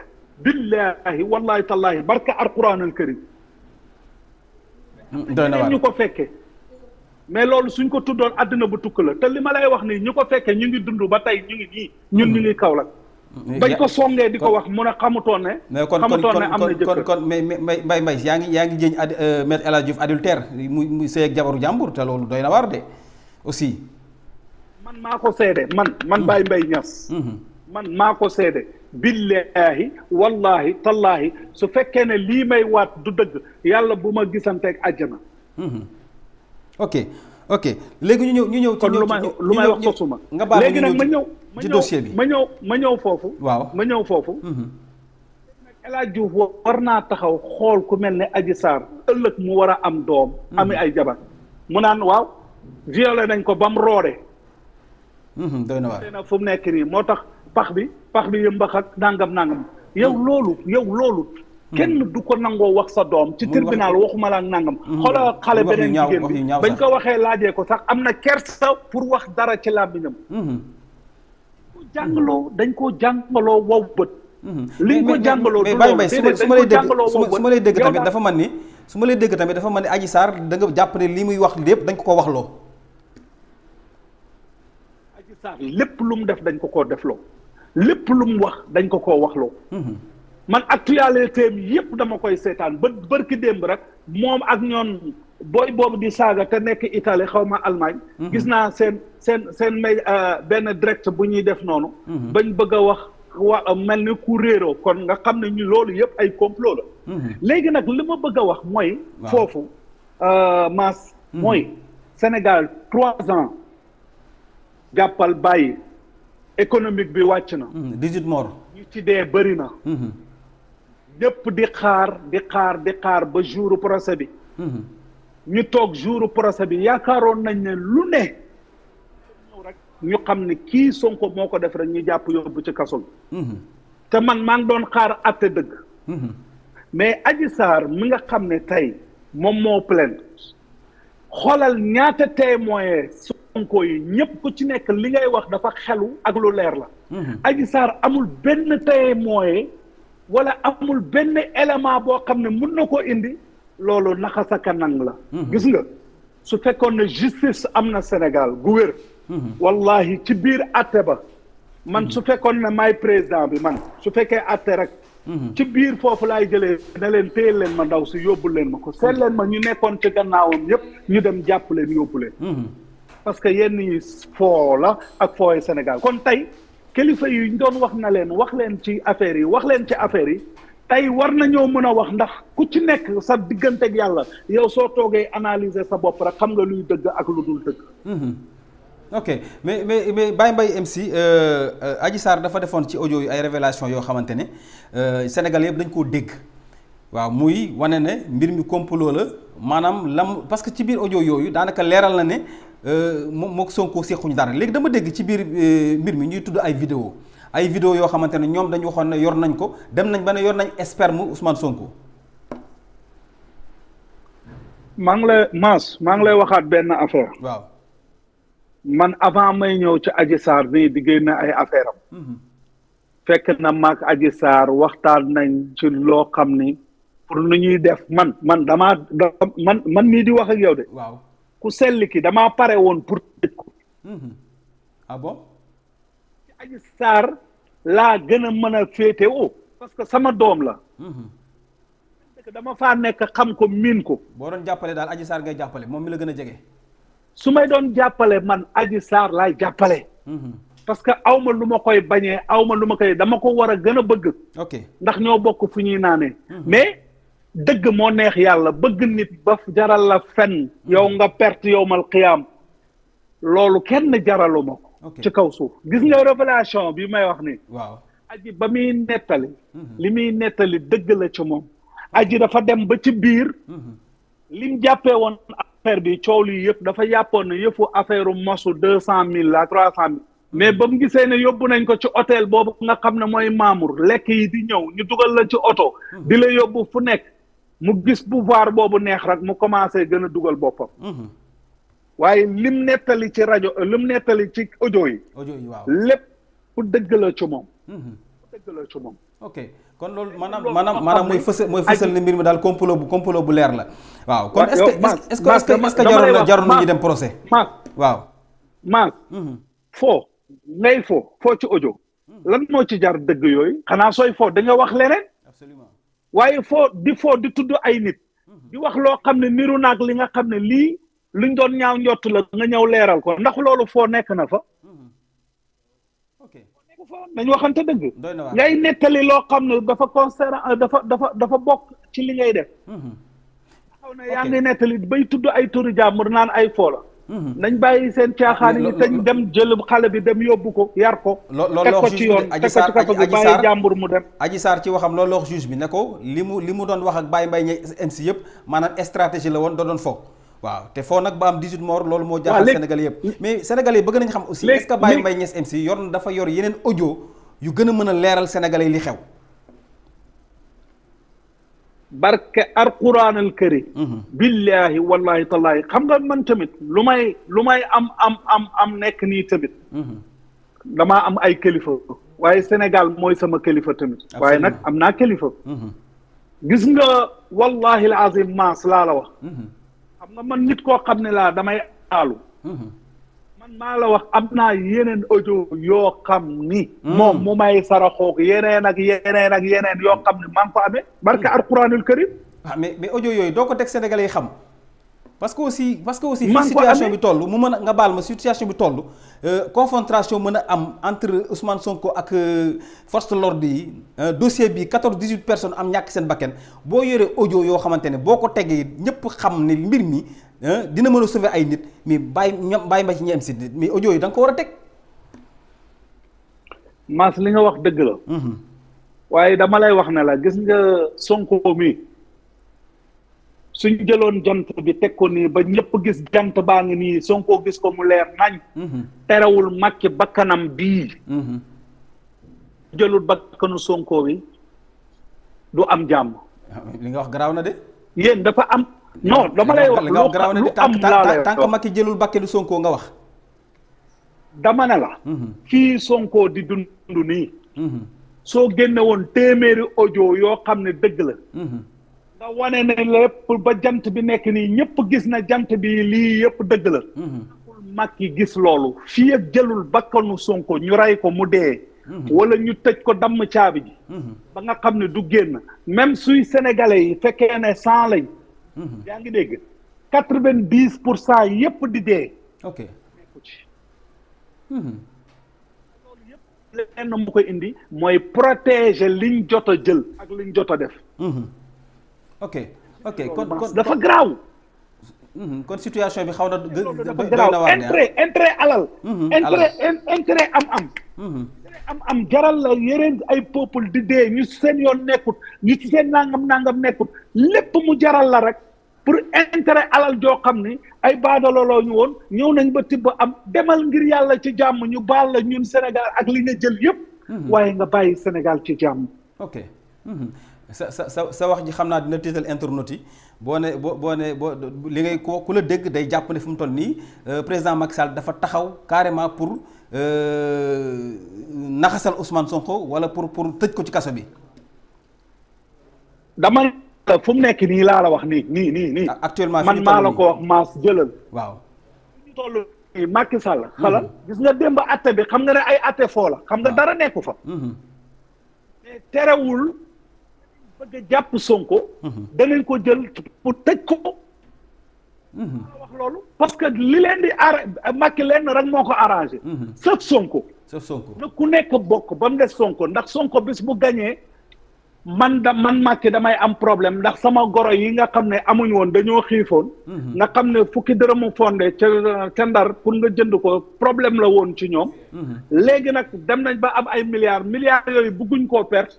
billaahi wallaahi tallaahi barka alquran al karim ñeneen ñu ko fekke mais loolu suñ ko tuddoon àddina bu tukk la te li ma lay wax nii ñu ko fekkee ñu ngi dund ba tey ñu ngi nii ñun ñu ngi Kaolack mm-hmm. bañ ko songee di ko wax mun a xamutoon ne mais kon xamutoon ne am na jëkkër kon mais mbay mbay yaa ngi yaa ngi jëñ ad euh, maître El Hadj Diouf adultère muy muy sëy ak jabaru jàmbur te loolu doy na waar de aussi man maa ko seede man man mm. Baye mbay ñas mm-hmm. man maa ko seede billahi wallahi tallahi su fekkee ne lii may waat du dëgg yàlla bu ma gisanteeg àjjana. Mhm. ok ok léegi ñu ñëw ñu ñëw. kon lu may lu may wax sosuma nga baal léegi nag ma ñëw ci dossier bi ma ñëw ma ñëw foofu. waaw ma ñëw foofu. Mhm. El Hadj Diouf war naa taxaw xool ku mel ne Adji Sarr ëllëg mu war a am doom. Mhm. ami ay jabar mu naan waaw. violé nañ ko ba mu roore. doy na waar fu mu nekk nii moo tax pax bi. pax bi yëmbax ak nangam nangam yow mm. loolu yow loolu mm. kenn du ko nangoo wax sa doom ci tribunal waxuma la nangam mm. xoolal xale beneen jigéen bi bañ ko waxee laajee ko sax am na kersa pour wax dara ci làmmiñam mm-hmm. ko jàngaloo dañ koo jàngaloo wow bët mm-hmm. liñ ko jàngaloo mais Baye Mbaye su ma su ma lay dégg su ma lay dégg tamit dafa man ni su ma lay dafa man ni Adji Sarr da nga jàpp muy wax lépp dañ ko ko waxloo Adji Sarr lépp lu mu def dañ ko koo defloo lépp lu mu wax dañ ko koo waxloo. Mhm. man actualité bi yëpp dama koy seetaan ba bërki démb rek moom ak ñoom booy boobu di saaga te nekk itali xawma ma mhm. gis naa seen seen seen may euh, benn direct bu ñuy def noonu. Mhm. bañ bëgg a wax wa mel ni ku réeroo kon nga xam ne ñu loolu yëpp ay complot la. léegi nag li ma bëgg a wax mooy. foofu euh, maas. mooy Sénégal trois ans jàppal bàyyi. économique bi wàcc na. 18 mm, morts. ñu ci dee bari na. Mm-hmm. ñëpp di xaar di xaar di xaar ba jouru procès bi. Mm-hmm. ñu toog jouru procès bi yaakaaroon nañ ne lu ne. ñëw rek ñu xam ne kii Sonko moo ko def rek ñu jàpp yóbbu ci kaso bi. Mm-hmm. te man maa ngi doon xaar àtte dëgg. mais Adji Sarr mi nga xam ne tey moom moo plainte xoolal ñaata témoin Sonko yi ñëpp ku ci nekk li ngay wax dafa xelu ak lu leer la. Mhm. Adji Sarr amul benn tey mooyee wala amul benn élément boo xam ne mun na koo indi loolu naxa sa nang la. Mhm. gis nga su fekkoon ne justice am na Sénégal gu wér. Mhm. wallahi ci biir àtte ba. man su fekkoon ne maay président bi man su fekkee àtte rek. ci biir foofu laay jële ne leen téyel leen ma ndaw si yóbbu leen ma ko seet leen ma ñu nekkoon ci gannaawam yëpp ñu dem jàpp leen yóbbu leen. parce que yenn yi foo la ak fooy Sénégal kon tey kilifa yi ñu doon wax na leen wax leen ci affaire yi wax leen ci affaire yi tey war nañoo mën a wax ndax ku ci nekk sa digganteeg yàlla yow soo toogee analyser sa bopp rek xam nga luy dëgg ak lu dul dëgg. Mm-hmm. ok mais mais mais Baye Mbaye MC euh, euh, Adji Sarr dafa defoon ci audio yi ay révélation yoo xamante ne euh, Sénégal yëpp dañ koo dégg. waaw muy wane ne mbir mi complot la maanaam lam parce que ci biir audio yooyu daanaka leeral na ne euh, moom mook Sonko sequñu dara léegi dama dégg ci biir euh, mbir mi ñuy tudd ay vidéo ay vidéo yoo xamante ne ñoom dañu waxoon ne yor nañ ko dem nañ ba ne yor nañ sperme Ousmane Sonko. maa ngi lay Mass maa ngi lay waxaat benn affaire. waaw man avant may ñëw ci Adji Sarr nii di génn ay affaire am. Mhm. fekk na maak Adji Sarr waxtaan nañ ci loo xam ni. pour nu ñuy def man man damaa da man man mii di wax ak yow de. waaw ku sell ki damaa pare woon pour tëj ko. Mhm. ah bon. ci Adji Sarr laa gën a mën a féete o parce que sama doom la. Mhm. dama fa nekk xam ko miin ko. boo doon jàppale daal aji Sarr ngay jàppale moom mi la gën a jege. su may doon jàppale man Adji Sarr laay jàppale. Mhm. parce que aw ma lu ma koy bañee aw ma lu ma koy dama ko war a gën a bëgg. ok ndax ñoo bokk fu ñuy naanee. mais dëgg moo neex yàlla bëgg nit ba jaral la fen yow mm. nga perte yowmal qiyaam loolu kenn jaralu ma ko ci kaw suuf gis nga révélation bi may wax ni waaw aji ba muy nettali mm-hmm. li muy nettali dëgg la ci moom aji dafa dem ba ci biir mm-hmm. lim jàppee woon affaire bi coow li yëpp dafa yàppoon ne yëfu affaire mosu deux cent mille la trois cent mille mm-hmm. mais ba mu gisee ne yóbbu nañ ko ci hôtel boobu nga xam ne mooy Mamour lekk yi di ñëw ñu dugal la ci oto di la yóbbu fu nekk mu gis pouvoir boobu neex rek mu commencé gën a dugal boppam. Mhm. waaye lim nettali ci rajo lim nettali ci audio yi. audio yi waaw lépp ku dëgg la ci moom. Mhm. ku dëgg la moom. ok kon loolu maanaam maanaam maanaam mooy fësal mooy fësal ne mbir mi daal complot bu complot bu leer la. waaw kon est-ce que est-ce que est-ce que jaroon na jaroon na ñu dem procès. maas waaw. maas. Mhm. foo ngay foo foo ci audio. lan moo ci jar dëgg yooyu. xanaa sooy foo da wax leneen. waaye foo di foo di tudd ay nit di wax loo xam ne niru naag li nga xam ne lii luñ doon ñaaw njott la nga ñëw leeral ko ndax loolu foo nekk na fa dañ waxante dëgg ngay nettali loo xam ne dafa concerné dafa dafa dafa bokk ci li ngay def mhm. xaw na yaa ngi nettali bay tudd ay turu jàmbur naan ay foo Mhm. nañ bàyyi seen caaxaan yi tañ dem jël xale bi dem yóbbu ko yar ko. loolu teg ko ci yoon teg ko ci kafa gi bàyyi waxam loolu wax juge bi li mu li mu doon wax ak Baye Mbaye ñeeg maanaam stratégie la woon da doon fo. waaw te foo nag ba am 18 morts moo jaaxal Sénégalais yëpp mais Sénégalais yi bëgg nañ xam aussi est-ce que Baye Mbaye ñees MC yor na dafa yor yeneen audio yu gën a mën a leeral Sénégalais yi li xew barke alquran al kari mhm. billahi wallahi tallahi xam nga man tamit lu may lu may am am am am nekk nii tamit mhm. damaa am ay kilifa waaye senegal mooy sama kilifa tamit waaye nag am naa kilifa mhm. gis nga wallahi al maas laa la wax xam nga man nit koo xam ne laa damay aalu maa la wax am naa yeneen audio yoo xam ni. Hmm. moom mu may saraxoog yeneen ak yeneen ak yeneen yoo xam ni maa ngi ko amee. barke hmm. alquranul karim. ah mais mais audio yooyu doo ko teg sénégalais yi xam. parce que aussi parce que aussi fii situation bi toll mu mën a nga baal ma situation bi toll euh, confrontation mën a am entre Ousmane Sonko ak euh, force de l'ordre yi euh, dossier bi 14 18 personnes am ñàkk seen bakken boo yoree ojo yoo xamante ne boo ko tegee ñëpp xam ne mbir mi dina mën a sauver ay nit mais bàyyi ñoom bàyyi ma ci ñeem si nit mais audio yi da nga ko war a teg. Mass li nga wax dëgg la. Mhm. waaye dama lay wax ne la gis nga Sonko mi suñ jëloon jant bi teg ko nii ba ñëpp gis jant baa ngi nii sonkoo gis ko mu leer nañ. Mhm. terewul Macky bakkanam bii. Mhm. jëlul bakkanu Sonko bi du am jàmm. li nga wax garaaw na de. yéen dafa am. non dama lay wax loo xam lu am laa lay wax tant que Macky jëlul bakkelu Sonko nga wax. dama ne la. fii mhm. Sonko di dund nii. Mhm. soo génne téeméeri ojo yoo xam ne dëgg la. Mhm. nga wane ne lépp ba jant bi nekk nii ñëpp gis na jant bi lii yëpp dëgg la. pour yi gis loolu fi ak jëlul bakkanu Sonko ñu rey ko mu dee. wala ñu tëj ko damm caabi ji. ba nga xam ne du génn même suy sénégalais yi fekkee ne cent lañ. Mhm. yaa ngi dégg quatre vingt dix pour cent yëpp di dee. ok nekku ci. Mhm. loolu yëpp mu koy indi mooy protéger liñ jot a jël ak liñ jot a def. Mhm. ok ok kon kon dafa garaaw. kon situation bi xaw na doy na waar intérêt intérêt alal. intérêt intérêt am-am. am am jaral la yeneen ay peuple di dee ñu seen yoon nekkut ñu ci seen nangam nangam nekkut lépp mu jaral la rek. pour intérêt alal joo xam ni ay baadaloloo ñu woon ñëw nañ ba tibb am demal ngir yàlla ci jàmm ñu baal la ñun Sénégal ak li nga jël yëpp mhm. waaye nga bàyyi Sénégal ci jàmm ok mhm. sa sa sa sa wax ji xam naa dina tiital internautes boo ne boo boo ne boo li ngay ko ku la dégg day jàpp ne fu mu toll nii euh, président Macky Sall dafa taxaw carrément pour euh, naxasal Ousmane Sonko wala pour pour tëj ko ci kaso bi dama fu mu nekk nii laa la wax nii nii nii nii. actuellement man maa la ko wax maas jëlal. waaw ñu toll nii hmm. gis nga démb atte bi xam nga ne ay atte foo la xam nga dara nekku fa. mais hmm. terewul bëgg a jàpp Sonko. Hmm. danañ ko jël pour tëj ko. wax loolu parce que li leen di ar Macky leen rek moo ko arrangé. sëf Sonko. sëf Sonko ku nekk bokk ba mu des Sonko ndax Sonko bis bu gañee man da man Macky damay am problème ndax sama goro yi nga xam ne amuñ woon dañoo xiifoon. Mhm. nga xam ne fukki dërëmu fondé ca ca ndar pour nga jënd ko problème la woon ci ñoom. Mhm. léegi nag dem nañ ba am ay milliards milliards yooyu bëgguñ koo perte.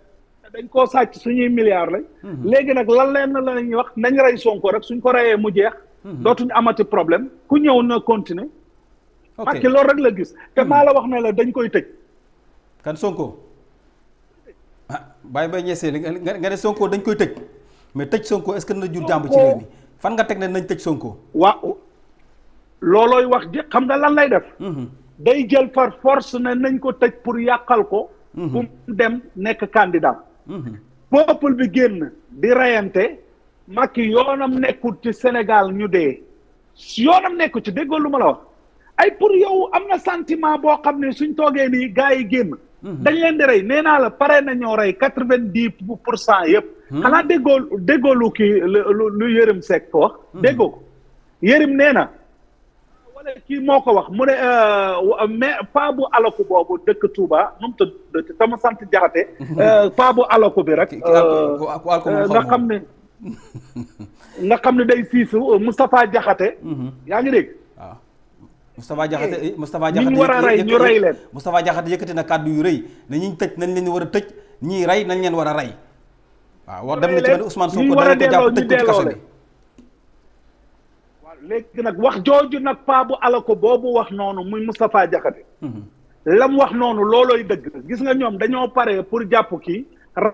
dañ koo sàcc suñuy milliards lañ. Mhm. léegi nag lan leen la ñuy wax nañ rey Sonko rek suñ ko reyee mu jeex. dootuñ amati problème ku ñëw na continuer. ok Macky loolu rek la gis. te maa la wax ne la dañ koy tëj. kan Sonko. bàyyi bay ñeesee nga nga ne Sonko dañ koy tëj mais tëj Sonko est-ce que na jur jàmb ci réew mi fan nga teg ne nañ tëj Sonko. waaw loolooy wax ji xam nga lan lay def. Mhm. day jël par force ne nañ ko tëj pour yàqal ko. bu mhm. mu dem nekk candidat. Mhm. peuple bi génn di reyante. Macky yoonam nekkul ci Sénégal ñu dee. yoonam nekkul ci déggoo lu ma la wax. ay pour yow am na sentiment boo xam ne suñ toogee nii gars yi génn. Mhm. dañ leen di rey nee naa la pare na ñoo rey quatre vingt dix pour cent yëpp. Mhm. xanaa déggoo déggoo lu kii lu yërëm Seck ko wax. Mhm. déggoo ko yërëm nee na. wala kii moo ko wax mu ne euh, mais paa bu alaku boobu dëkk Touba nu mu tudd sama sant jaxate euh, paa bu alaku bi rek. nga xam ne. nga xam ne day siisu Moustapha Jaxate yaa ngi dégg. Moustapha Diakhaté eh, eh, Moustapha Diakhaté ñu war a rey ñu rey leen Moustapha Diakhaté yëkkati na kàddu yu rëy na ñuy tëj nañ leen war a tëj ñii rey nañ leen war a rey waaw war dem na ci mel Ousmane Sonko danañ ko jàpp tëj ko nag wax jooju nag paa bu boobu wax noonu muy Moustapha Diakhaté mhm. lam wax noonu loolooy dëgg gis ñoom dañoo pare pour jàpp kii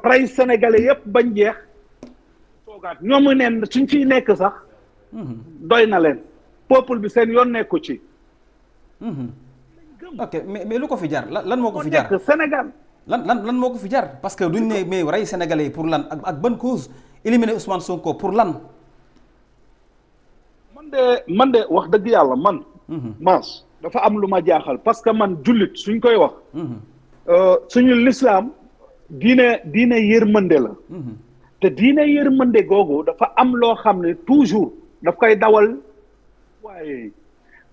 rey sénégalais yépp bañ jeex toogaat ñoomu neen suñ fiy nekk sax mhm. doy na leen peuple bi seen yoon nekku ci Mm-hmm. ok mais mais lu ko fi jar lan lan moo ko fi jar Sénégal lan lan lan moo ko fi jar parce que duñ ne mais rey sénégalais yi pour lan ak ak ban cause éliminer soo ko pour lan. man de man de wax dëgg yàlla man. Mm-hmm. Mass dafa am lu ma jaaxal parce que man jullit suñ koy wax. Mm-hmm. Euh, suñu lislaam diine diine yërmande la. te diine yërmande googu dafa am loo xam ne toujours daf koy dawal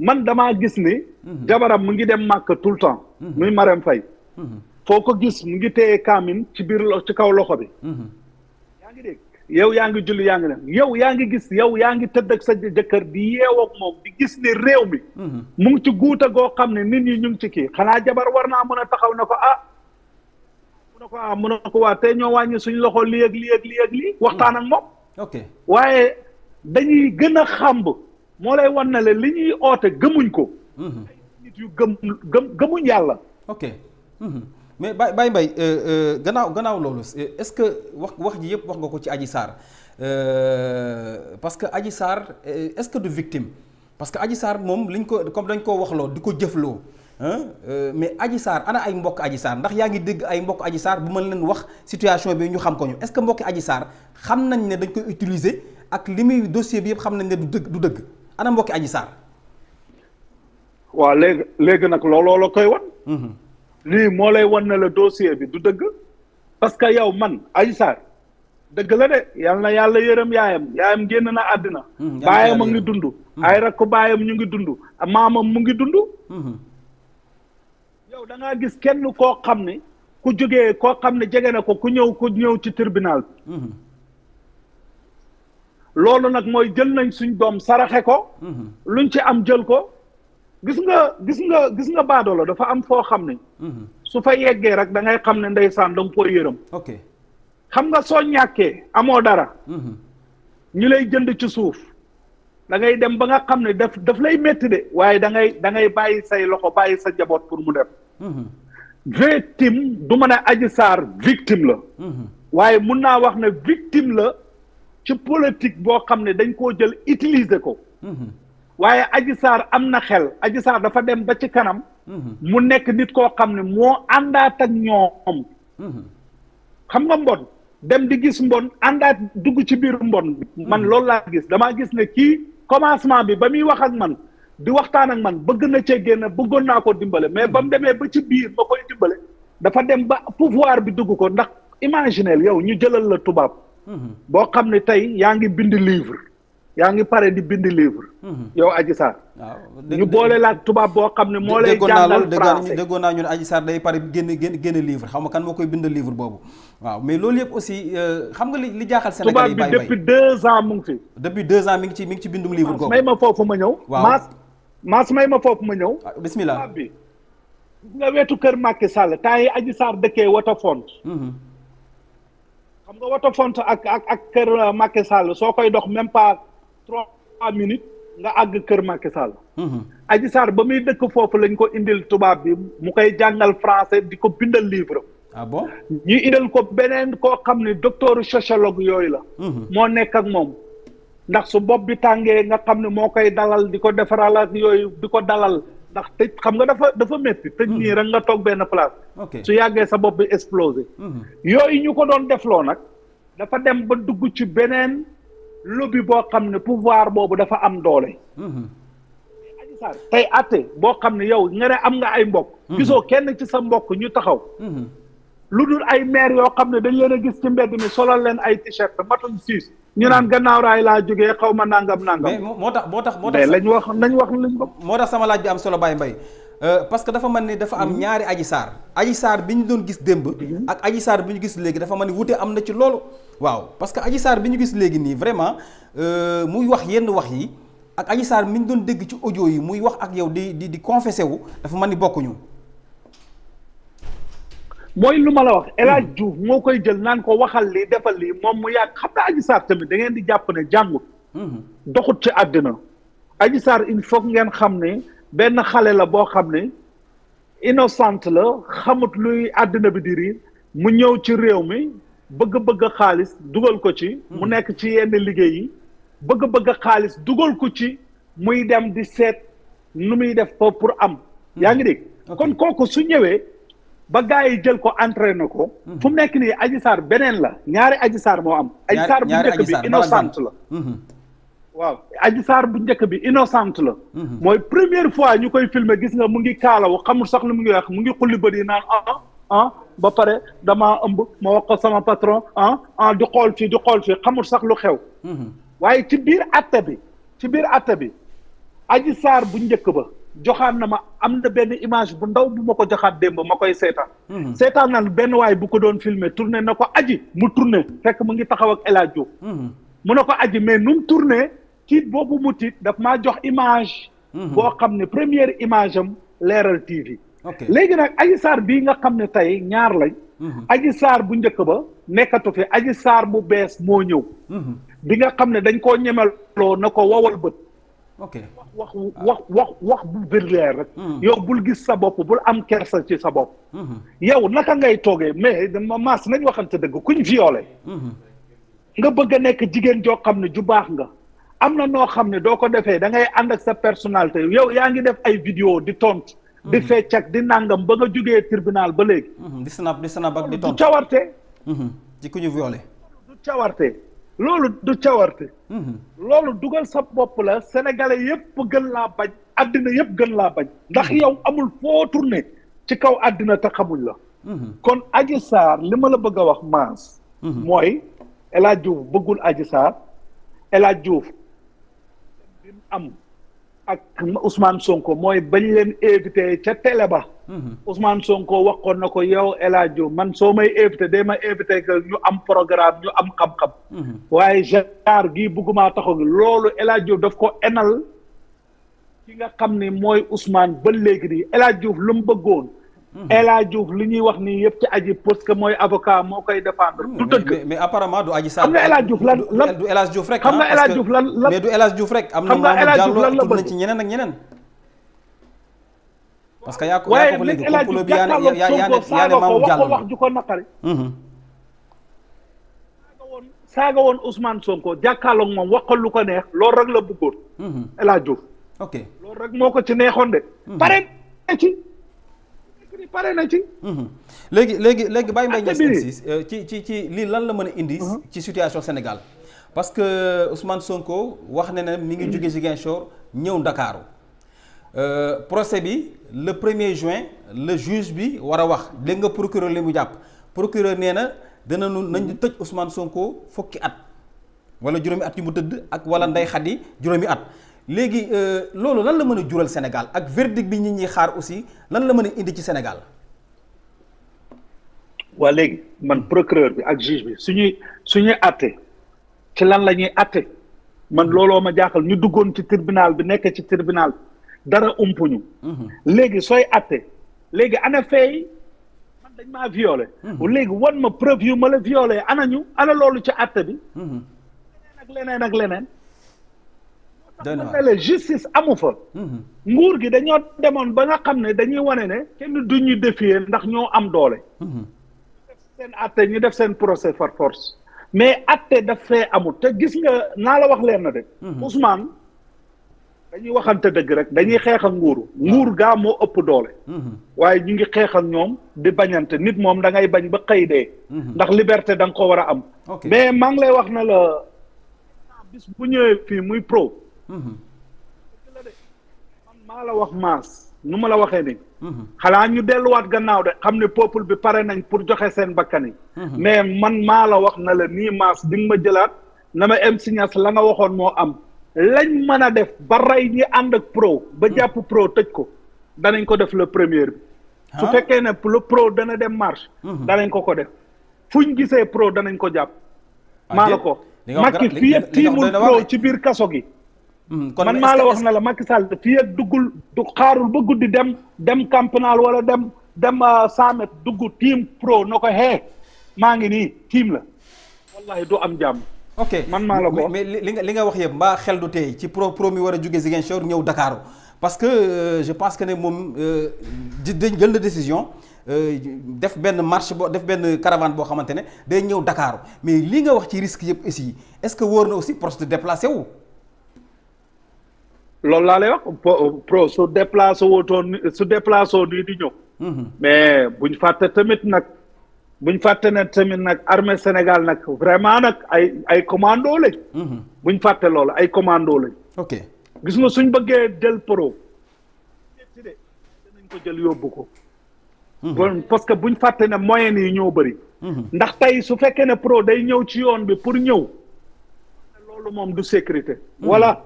man damaa gis ni. Mhm. jabaram mu ngi dem màkk tout le temps. Mhm. muy fay mhm. foo ko gis mu ngi teye kaamin ci biir ci kaw loxo bi. yaa ngi dégg yow yaa ngi julli yaa yow yaa ngi gis yow yaa ngi tëdd ak sa jëkkër di yeewoo ak moom di gis ni réew mi. mu ngi ci guuta goo xam ne nit ñi ñu ngi ci kii xanaa jabar war naa mën a taxaw na ko ah. mu ne ko ah mu waa tey ñoo wàññi suñu loxo lii ak li ak lii waxtaan ak moom. waaye dañuy gën a xàmb. moo lay wan na la li ñuy oote gëmuñ ko. Mhm. ay nit yu gëm gëmuñ yàlla. ok mhm. mais Baye Baye Mbaye euh, euh, gannaaw gannaaw loolu est-ce que wax wax ji yëpp wax nga ko ci Adji Sarr euh, parce que Adji Sarr est-ce que du victime parce que Adji Sarr moom liñ ko comme dañ koo waxloo di ko jëfloo. mais Adji Sarr ana ay mbokk Adji Sarr ndax yaa ngi dégg ay mbokk Adji Sarr bu mën leen wax situation bi ñu xam ko ñu est-ce que mbokk Adji Sarr xam nañ ne dañ koy utiliser ak li muy dossier bi yëpp xam nañ ne du dëgg du dëgg. ana mbokki Adji Sarr. waaw léegi léegi nag looloo la koy wan. Mhm. lii moo lay wan ne le dossier bi du dëgg. parce que yow man Adji Sarr dëgg la de yal na yàlla yërëm yaayam yaayam génn na àddina. Mhm, baayam a ngi dund. Mhm. ay rakk baayam ñu ngi dund maamam mu ngi dund. yow da gis kenn koo xam ne ku jógee koo xam ne jege na ko ku ñëw ku ñëw ci tribunal bi. loolu nag mooy jël nañ suñ doom saraxe ko lu mhm. luñ ci am jël ko gis nga gis nga gis nga baadoola dafa am foo xam ne mhm. su fa yeggee rek dangay xam ne ndeysaan saan nga ko yërëm ok xam nga soo ñàkkee amoo dara mhm. ñu lay jënd ci suuf dangay dem ba nga xam ne daf daf lay métti de waaye dangay dangay bàyyi say loxo bàyyi sa jaboot pour mu dem victime du mën a aji saar victime la waaye mun naa wax ne victime la ci politique boo xam ne dañ koo jël utiliser ko. Mhm. waaye Adji am na xel Adji dafa dem ba ci kanam. Mhm. mu nekk nit koo xam ne moo àndaat ak ñoom. Mhm. xam nga mbon dem di gis mbon àndaat dugg ci biir mbon. man loolu laa gis damaa gis ne kii commencement bi ba muy wax ak man di waxtaan ak man bëgg na cee génn bëggoon naa ko dimbale mais ba mu demee ba ci biir ma koy dimbale dafa dem ba pouvoir bi dugg ko ndax imaginel yow ñu jëlal la tubaab. boo xam ne tey yaa ngi bind livre yaa ngi pare di bind livre. Mhm. yow Adji Sarr. waaw ñu boole la tubaab boo xam ne moo lay. jàngal français déggoon naa ñu ne Adji Sarr day pare génn génn génn livre xaw ma kan moo koy bind livre boobu. waaw mais loolu yëpp aussi euh, xam nga li li jaaxal. Sénégal yi bàyyi tubaab bi depuis deux ans mu ngi fi. depuis deux ans mi ngi ci mi ngi ci bindum livre googu. may ma foofu ma ñëw. waaw Mass Mass may ma foofu ma ñëw. Ah, bismillah tubaab bi. nga wetu kër Macky Sall temps yi Adji Sarr dëkkee Watafont. Mhm. xam nga woto font ak ak ak kër uh, Macky Sall soo koy dox même pas trois minutes nga àgg kër Macky Sall. Mhm. Adji Sarr ba muy dëkk foofu lañ ko indil tubaab bi mu koy jàngal français di ko bindal livre. ah ñu indil ko beneen koo xam ne docteur sociologue yooyu la. Mhm. moo nekk ak moom. ndax su bopp bi tàngee nga xam ne moo koy dalal di ko defaral ak yooyu di ko dalal. ndax te xam nga dafa dafa métti tëj hmm. nii rek nga toog benn place su yàggee sa bopp bi explosé hmm. yooyu ñu ko doon defloo nag dafa dem ba dugg ci beneen lobby boo xam ne pouvoir boobu dafa am doole hmm. tey atte boo xam ne yow nga ne am nga ay mbokk gisoo kenn ci sa mbokk ñu taxaw lu dul ay maire yoo xam ne dañu leen a gis ci mbedd mi solal leen ay t-shirt matuñ siis ñu naan gannaaw raay laa jógee xaw ma nangam nangam. mais moo tax moo tax moo tax lañ wax nañ wax lañ moo tax sama laaj bi am solo Baye Mbaye euh, parce que dafa mel ni dafa am mm-hmm. ñaari aji saar aji saar bi ñu doon gis démb. Mm-hmm. ak aji saar bi ñu gis léegi dafa man ni wute am na ci loolu. waaw parce que aji saar bi ñu gis léegi nii vraiment euh, muy wax yenn wax yi ak aji saar mi ñu doon dégg ci audio yi muy wax ak yow di di di confessé wu dafa mel ni bokkuñu. mooy lu ma la wax El Hadj mm. moo koy jël naan ko waxal lii defal li moom mu yàgg xam na Adji Sarr tamit da ngeen di jàpp ne jàngut mm-hmm. doxut ci àddina Adji Sarr il foog ngeen xam ne benn xale la boo xam ne innocente la xamut luy àddina bi di riir mu ñëw ci réew mi bëgg-bëgg xaalis dugal ko ci mm-hmm. mu nekk ci yenn liggéey yi bëgg-bëgg xaalis dugal ko ci muy dem di seet nu muy def fa pour am yaa ngi dégg mm-hmm. kon kooku su ñëwee ba gars yi jël ko entraîné ko. Hmm. fu mu nekk nii Adji Sarr beneen la ñaari aji saar moo am. Adji Sarr bu njëkk bi innocente la. Hmm. waaw Adji Sarr bu njëkk bi innocente la. Hmm. mooy première fois ñu koy filmer gis nga mu ngi kaalaw xamul sax lu mu ngi wax mu ngi xulli bët yi naan ah ah, ah ba pare dama ëmb ma wax sama patron ah ah xool fii di xool fii xamul sax lu xew. waaye ci biir àtte bi ci biir àtte bi Adji Sarr bu njëkk ba. joxaat na ma am na benn image bu ndaw bu ma ko joxaat démb ma koy seetaan. Hmm. seetaan naan benn waay bu ko doon filmer tourné na ko aji mu tourné fekk mu ngi taxaw ak hmm. mu ne ko aji mais nu mu kiit boobu mu tiit daf maa jox image. Hmm. boo xam ne première image am leeral TV. léegi nag aji saar bii nga xam ne tey ñaar lañ. aji saar bu njëkk ba nekkatu fi aji saar bu bees moo ñëw. bi nga xam ne dañ koo ñemeloo na ko wowal bët. ok wax wax wax wax bu birleer rek. Hmm. yow bul gis sa bopp bul am kersa ci sa bopp. Hmm. yow naka ngay toogee mais ma maas nañ waxante dëgg kuñ violé. Hmm. nga bëgg a nekk jigéen joo xam ne ju baax nga. am na noo xam ne doo ko defee da ngay ànd ak sa personnalité yow yaa ngi def ay vidéo di tontu. di fecc di nangam ba nga jógee tribunal ba léegi. di snap di snap ak di tontu du cawarte. du cawarte. loolu du cawarte mhm. loolu dugal sa bopp la sénégalais yëpp gën laa bañ àddina yëpp gën laa bañ ndax mhm. yow amul foo tourné ci kaw àddina te xamuñ la mhm. kon aji Sarr li ma la bëgg a wax maas mooy El Hadj Diouf bëggul Adji Sarr El Hadj Diouf am ak Ousmane Sonko mooy bañ leen évité ca télé ba. Mhm. Ousmane Sonko waxoon na ko yow El man soo may évité day ma invité que ñu am programme ñu am xam-xam. Mhm. waaye genre gii bëgguma taxaw loolu El Hadj daf ko énal ki nga xam ne mooy usmaan ba léegi nii El Hadj lu mu bëggoon. Mm-hmm. El Hadj Diouf li ñuy wax nii yëpp ci aji parce mooy avocat moo koy défendre. Mm-hmm. du dëgg mais apparemment du aji Sarr. xam nga El Hadj Diouf lan lan du El rek. xam nga ah, El Hadj du El rek. am na Mamadou Diallo tudd na ci ñeneen ak ñeneen. que yaa ko yaa ko léegi complot bi yaa ne ju ko naqari. Mm-hmm. saaga woon Ousmane Sonko jàkkaalook moom wax ko lu ko neex loolu rek la bëggoon. El Hadj Diouf. ok loolu rek moo ko ci neexoon de. pare pare na ci. Mhm. léegi léegi léegi Baye Mbaye Niass euh, ci ci ci lii lan la mën a indi. Mhm. ci situation Sénégal parce que euh, Ousmane Sonko wax na ne mi ngi jóge Ziguinchor ñëw Ndakaaru euh, procès bi le premier juin le juge bi war a wax dégg nga procureur li mu jàpp procureur nee na dana nu nañu mhm. tëj Ousmane Sonko fukki at wala juróomi at yu mu tëdd ak wala Ndeye Khady juróomi at. léegi euh, loolu lan la mën a jural Sénégal ak verdict bi ñu ñi xaar aussi lan la mën a indi ci Sénégal. waa léegi man procureur bi ak juge bi suñuy suñuy àtte ci lan la ñuy àtte man looloo ma jaaxal ñu duggoon ci tribunal bi nekk ci tribunal dara umpuñu. Mhm. léegi sooy àtte léegi ana fay man dañ maa mhm. u léegi wan ma preuve yu ma la violé ana ñu ana loolu ci àtte bi. Mhm. leneen ak leneen ak leneen. ne la justice amu fa mhm. nguur gi dañoo demoon ba nga xam ne dañuy wane ne kenn du ñu défier ndax ñoo am doole mhm. seen atte ñu def seen procès par force mais atte daf fee amul te gis nga naa la wax leen na de mhm. Ousmane dañuy waxante dëgg rek dañuy xeex ak nguuru nguur gaa moo ëpp doole waaye ñu ngi xeex ak ñoom di bañante nit moom da ngay bañ ba xëy dee ndax liberté da nga ko war a am mais maa ngi lay wax na la bis bu ñëwee fii muy pro Mm-hmm. maa la wax maas nu ma la waxee ni mm-hmm. xalaa ñu delluwaat gannaaw de xam ne peuple bi pare nañ pour joxe seen bakkan yi mm-hmm. mais man maa la wax na la nii maas di nga ma jëlaat na ma MC Niass la nga waxoon moo am lañ mën a def ba rey ñi ànd ak pro ba jàpp pro tëj ko danañ ko def le premier bi ah. su fekkee ne le pro dana dem marche danañ ko ko def fuñ gisee pro danañ ko jàpp ah, maa la ko Macky fii tiimul pro ci biir kaso gi Mm, kon man maa la wax na la Macky Sall fii ak duggul du xaarul ba guddi dem dem Camp Pénal wala dem dem cent euh, mètres dugg team pro na ko hee maa ngi nii team la wallahi du am jàmm. ok man maa la ko mais li nga li nga wax yëpp mbaa xel du tey ci pro pro mi war a jóge Ziguinchor ñëw Dakar parce que euh, je pense que ne moom euh, dañ jël na décision. def benn marche boo def benn caravane boo xamante ne day ñëw dakaaru mais li nga wax ci risque yëpp aussi est-ce que wóor na aussi proche déplacé wu. loolu laa lay wax pro su déplacé wootoon su déplacé woon nii di ñëw. Mhm. mais buñ fàtte tamit nag buñ fàtte ne tamit nag armée Sénégal nag vraiment nag ay ay commando lañ. Mhm. buñ fàtte loolu ay commando lañ. ok gis nga suñ bëggee jël pro. dinañ ko jël yóbbu ko. Mhm. bon parce que buñ fàtte ne moyens yi ñoo bëri. ndax tey su fekkee ne pro day ñëw ci yoon bi pour ñëw. loolu moom du sécurité. voilà.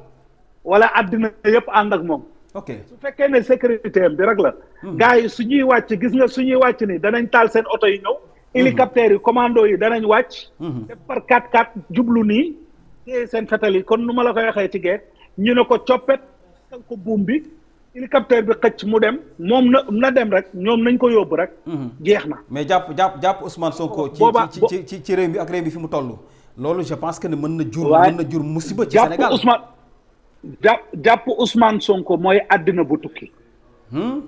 wala àddina yëpp ànd ak moom. ok su fekkee ne sécurité am bi rek la. Hmm. gars yi su wàcc gis nga su wàcc ni danañ taal seen oto yi ñëw. Hmm. hélicoptère yi commando yi danañ wàcc. te hmm. par 4-4 jublu nii. téye seen fetal yi kon nu ma la ko waxee ci geer ñu ne ko coppet tànk ko buum bi hélicoptère bi xëcc mu dem moom na na dem rek ñoom nañ ko yóbbu rek. jeex na mais jàpp jàpp jàpp Ousmane Sonko. ci ci ci ci réew mi ak réew mi fi mu toll. loolu je pense que ne mën na jur. mën na jur musiba ci Sénégal jàpp jàpp jàpp Ousmane Sonko mooy àddina bu tukki. Hmm?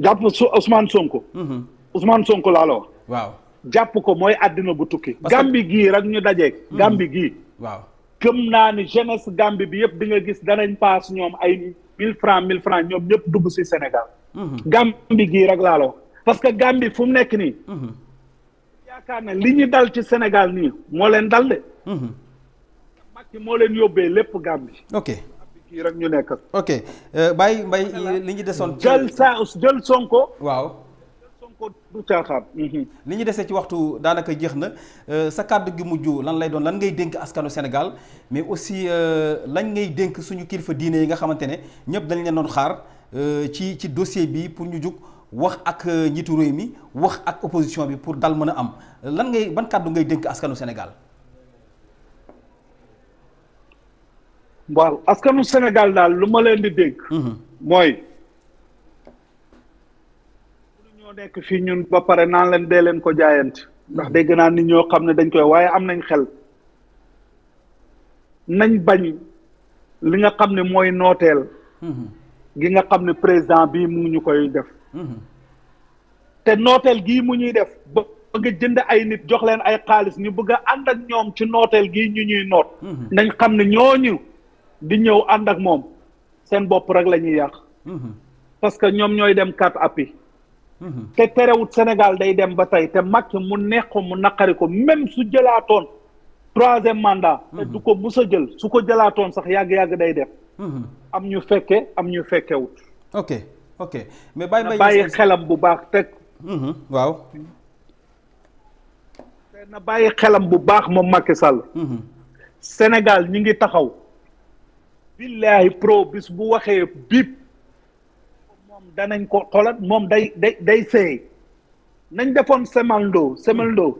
jàpp Ousmane Sonko. Hmm. Ousmane Sonko laa la wax. waaw jàpp ko mooy àddina bu tukki. Gàmbi gii rek ñu dajeeg. Hmm. Gàmbi gii. waaw gëm naa ni jeunesse Gàmbi bi yëpp di gis danañ paas ñoom ay mille francs mille francs ñoom ñëpp dugg si Sénégal. Gàmbi gii rek laa parce que Gàmbi fu mu nekk nii. yaakaar na li ñu dal ci Sénégal nii moo leen dal de. Macky moo leen yóbbee lépp Gàmbi. kii rek ñu nekk. ok euh, Baye Mbaye li ñu desoon. jël sa jël Sonko. waaw. Sonko du mhm. li ñu desee ci waxtu daanaka jeex na euh, sa kàddu gi mujj lan lay doon lan ngay dénk askanu Sénégal mais aussi euh, lañ ngay dënk suñu kilifa diine yi nga xamante ne ñëpp dañu leen doon xaar ci ci dossier bi pour ñu jug wax ak njiitu réew mi wax ak opposition bi pour dal mën a am lan ngay ban kàddu ngay dénk askanu Sénégal. waaw askanu Sénégal daal lu ma leen di dégg. Mhm. mooy. ñoo nekk fii ñun ba pare naan leen dee leen ko jaayante ndax dégg naa nit ñoo xam ne dañ koy waaye am nañ xel. nañ bañ li nga xam ne mooy nooteel. Mhm. gi nga xam ne président bi mu ñu koy def. Mhm. te nooteel gii mu ñuy def ba nga jënd ay nit jox leen ay xaalis ñu bëgg a ànd ñoom ci nooteel gii ñu ñuy noot. nañ xam ne ñooñu. di ñëw ànd ak moom seen bopp rek la ñuy yàq. Mhm. parce que ñoom ñooy dem carte appui. Mhm. te terewut Sénégal day dem ba tey te Macky mu neex mu naqari ko même su jëlaatoon troisième mandat. te mhm. du ko mus sa jël su ko jëlaatoon sax yàgg-yàgg day dem. am ñu fekke am ñu fekkewut ok ok mais bàyyi na bàyyi xelam bu baax teg. waaw. na bàyyi xelam bu baax moom Macky Sall. Sénégal ñi ngi taxaw. billahi pro bis bu waxee bip moom danañ ko xolat moom day day day seey nañ defoon semal semalndoo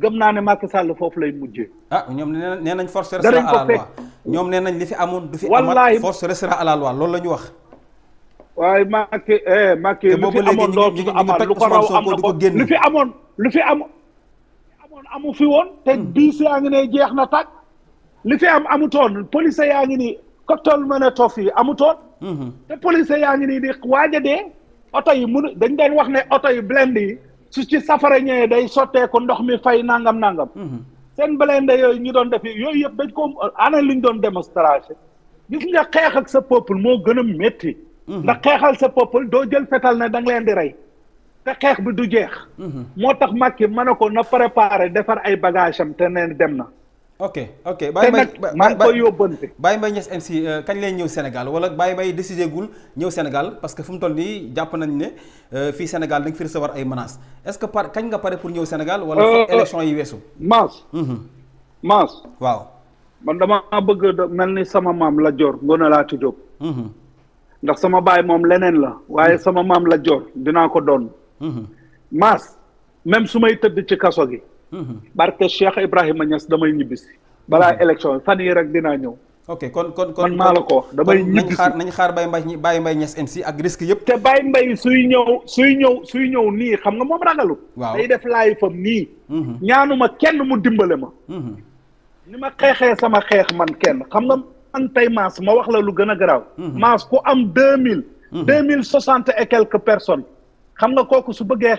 gëm naa ne Macky Sall foofu lay mujjee. ah ñoom nee nañ force restera à la loi nañ li fi amoon du fi amaat force restera à la la ñu wax. waaye Macky eh Macky lu fi amoon loolu du amaat lu ko raw am na ko fi amoon lu fi amoon amu fi woon. te hmm. diis yaa ngi ne jeex na tàkk. li fi am amutoon police yaa ngi ni cocktail Molotov yi amutoon. Mhm. te police yaa ngi ni di waaj a dee oto yi mun dañ doon wax ne oto yi blende yi su ci safara ñëwee day sotteeku ndox mi fay nangam nangam. Mhm. seen blende yooyu ñu doon def yooyu yëpp dañ ko ana li ñu doon démonstration gis nga xeex ak sa peuple moo gën a métti. Mhm. ndax xeexal sa peuple doo jël fetal na da leen di rey. te xeex bi du jeex. moo tax Macky mën na ko na préparer defar ay bagage am te neen dem na. ok ok Baye Mbaye maa ngi koy yóbbante Baye Mbaye Niass MC euh, kañ lay ñëw Sénégal wala Baye Mbaye décidé gul ñëw Sénégal parce que fu mu toll nii jàpp nañ ne euh, fii Sénégal da nga fi recevoir ay menaces est-ce que par kañ nga pare pour ñëw Sénégal. wala euh, élection yi weesu. Mass. Mass. Mhm. waaw. man damaa bëgg mel ni sama maam la joor Dior Ngone Laati Diop. Mhm. ndax sama baay moom leneen la waaye mhm. sama maam la joor dinaa ko doon. Mass même su may tëdd ci kaso gi. Mm-hmm. barke Cheikh a Niass damay ñibbisi. balaa mm-hmm. élection fan yii rek dinaa ñëw. ok kon kon kon man maa la ko wax damay ñibbisi xaar nañu xaar Baye Mbaye Baye Mbaye Niass ak risque yëpp. te Baye Mbaye suy ñëw suy ñëw suy ñëw nii xam nga moom ragalu. waaw def laay fam nii. Mm-hmm. ñaanuma kenn mu dimbale ma. ni ma xeexee sama xeex man kenn xam nga man tey maas ma wax la lu gën a garaaw. maas ku am deux mille. deux mille soixante et quelques personnes. xam nga kooku su bëggee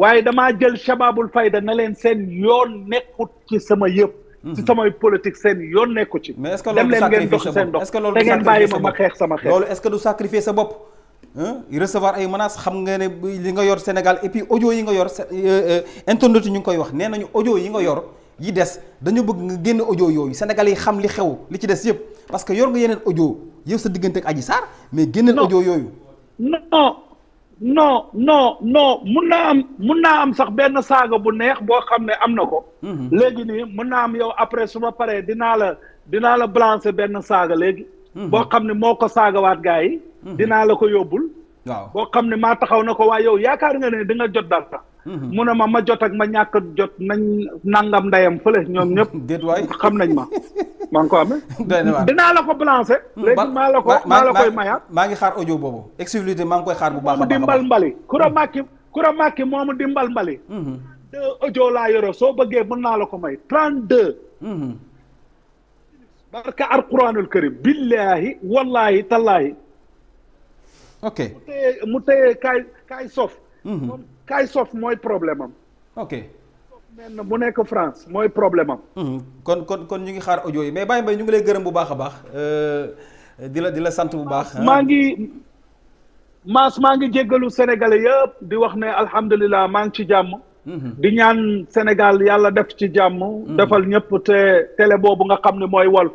waaye damaa jël shababul fayda na leen seen yoon nekkut ci sama yëpp. Mhm. ci samay politique seen yoon nekku ci. mais est-ce que loolu du sacrifier sa bopp est-ce que loolu du sacrifier sa bopp te ngeen bàyyi ay menaces xam nga ne li nga yor Sénégal et puis yi nga yor euh, euh, internet yi ñu ngi koy wax nee nañu ojo yi nga yor yi des dañu bëgg nga génn audio yooyu senegal yi xam li xew li ci des yëpp parce que yor nga yeneen audio yow sa diggante ak Adji Sarr mais génneel audio yooyu. non non non mun naa am mun naa am sax benn saaga bu neex boo xam ne am na ko. Mhm. léegi nii mun naa am yow après su ma paree dinaa la dinaa la balancer benn saaga léegi. Mhm. boo xam ne moo ko saagawaat gars yi. Mhm. dinaa la ko yóbbul. waaw boo xam ne maa taxaw na ko waaye yaakaar nga ne di nga jot daal sax mhm. mu ne ma ma jot ak ma ñàkk jot nañ nangam ndayam fële ñoom ñëpp déet waay xam nañ ma maa ngi ko amee dinaa la ko balancé mm. léegi maa la ko maa la koy ngi xaar audio boobu exclusivité maa ngi koy xaar bu baax a baax moomu di mbal mbali kura màkki mm. kura màkki moomu di mbal mbali mm-hmm. deux audio laa yoro soo bëggee mën naa la ko may trente deux mm-hmm. barka alquranul karim billahi wallahi tallahi ok mu téye mu téye sof. Mhm. moom kaay sof mooy problème am. ok. mën bu nekk France mooy problème am. Mhm. kon kon kon ñu ngi xaar audio yi mais Baye Mbaye ñu ngi lay gërëm bu baax a baax euh, di la di la sant bu baax. maa ngi mas maa ngi jéggalu sénégalais yëpp di wax ne alhamdulillah maa ngi ci jàmm. Mhm. di ñaan Sénégal yàlla def ci jàmm. defal ñëpp te télé boobu nga xam ne mooy wol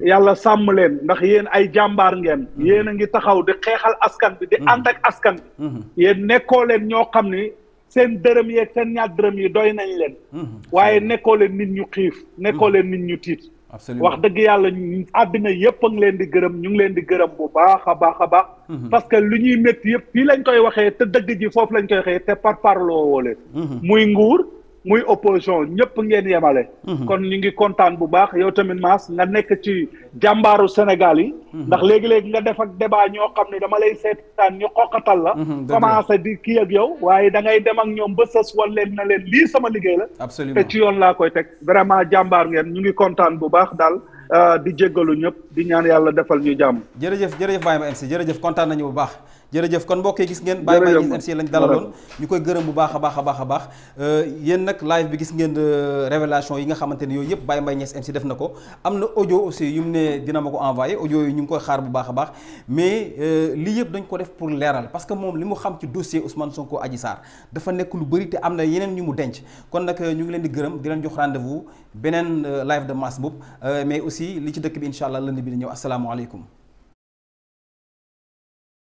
yàlla sàmm leen ndax yéen ay jàmbaar ngeen. yéen a ngi taxaw di xeexal askan bi di ànd ak askan bi. Mm-hmm. yéen nekkoo leen ñoo xam ni seen dërëm yeeg seen ñaat dërëm yi doy nañ leen. Mm-hmm. waaye nekkoo leen nit ñu xiif nekkoo mm-hmm. leen nit ñu tiit. wax dëgg yàlla àddina yëpp a ngi leen di gërëm ñu ngi leen di gërëm bu baax a baax a baax. parce que li ñuy métti yëpp fii lañ koy waxee te dëgg ji foofu lañ koy waxee te par parloo woo leen. muy nguur. muy opposition ñëpp ngeen yemale. Mhm. kon ñu ngi kontaan bu baax yow tamit Mass nga nekk ci jàmbaaru Sénégal yi. Mhm. ndax léegi léegi nga def ak débat ñoo xam ne dama lay seetaan ñu xoqatal mhm, la. commencé di kii ak yow waaye da ngay dem ak ñoom ba sës wan leen na leen lii sama liggéey la. absolument te ci yoon laa koy teg vraiment jàmbaar ngeen ñu ngi kontaan bu baax daal. Euh, di jéggalu ñëpp di ñaan yàlla defal ñu jàmm. jërëjëf jërëjëf Baye MC jërëjëf kontaan nañu bu baax. jërëjëf kon mbokk yi gis ngeen Baye Mbaye Niass MC lañ dalaloon ñu koy gërëm bu baax a baax a baax a baax euh, yéen nag live bi gis ngeen euh, révélation yi nga xamante ne yooyu yëpp Baye Mbaye Niass MC def na ko am na ojo aussi yu mu ne dina ma ko envoyé ojo yi ñu ngi koy xaar bu baax a baax mais euh, lii yëpp dañ ko def pour leeral parce que moom li mu xam ci dossier Ousmane Sonko Adji Sarr dafa nekk lu bëri te am na yeneen ñu mu denc kon nag ñu ngi leen di gërëm di leen jox rendez-vous de masse boobu mais aussi li ci dëkk bi incha allah bi di ñëw asalaamaaleykum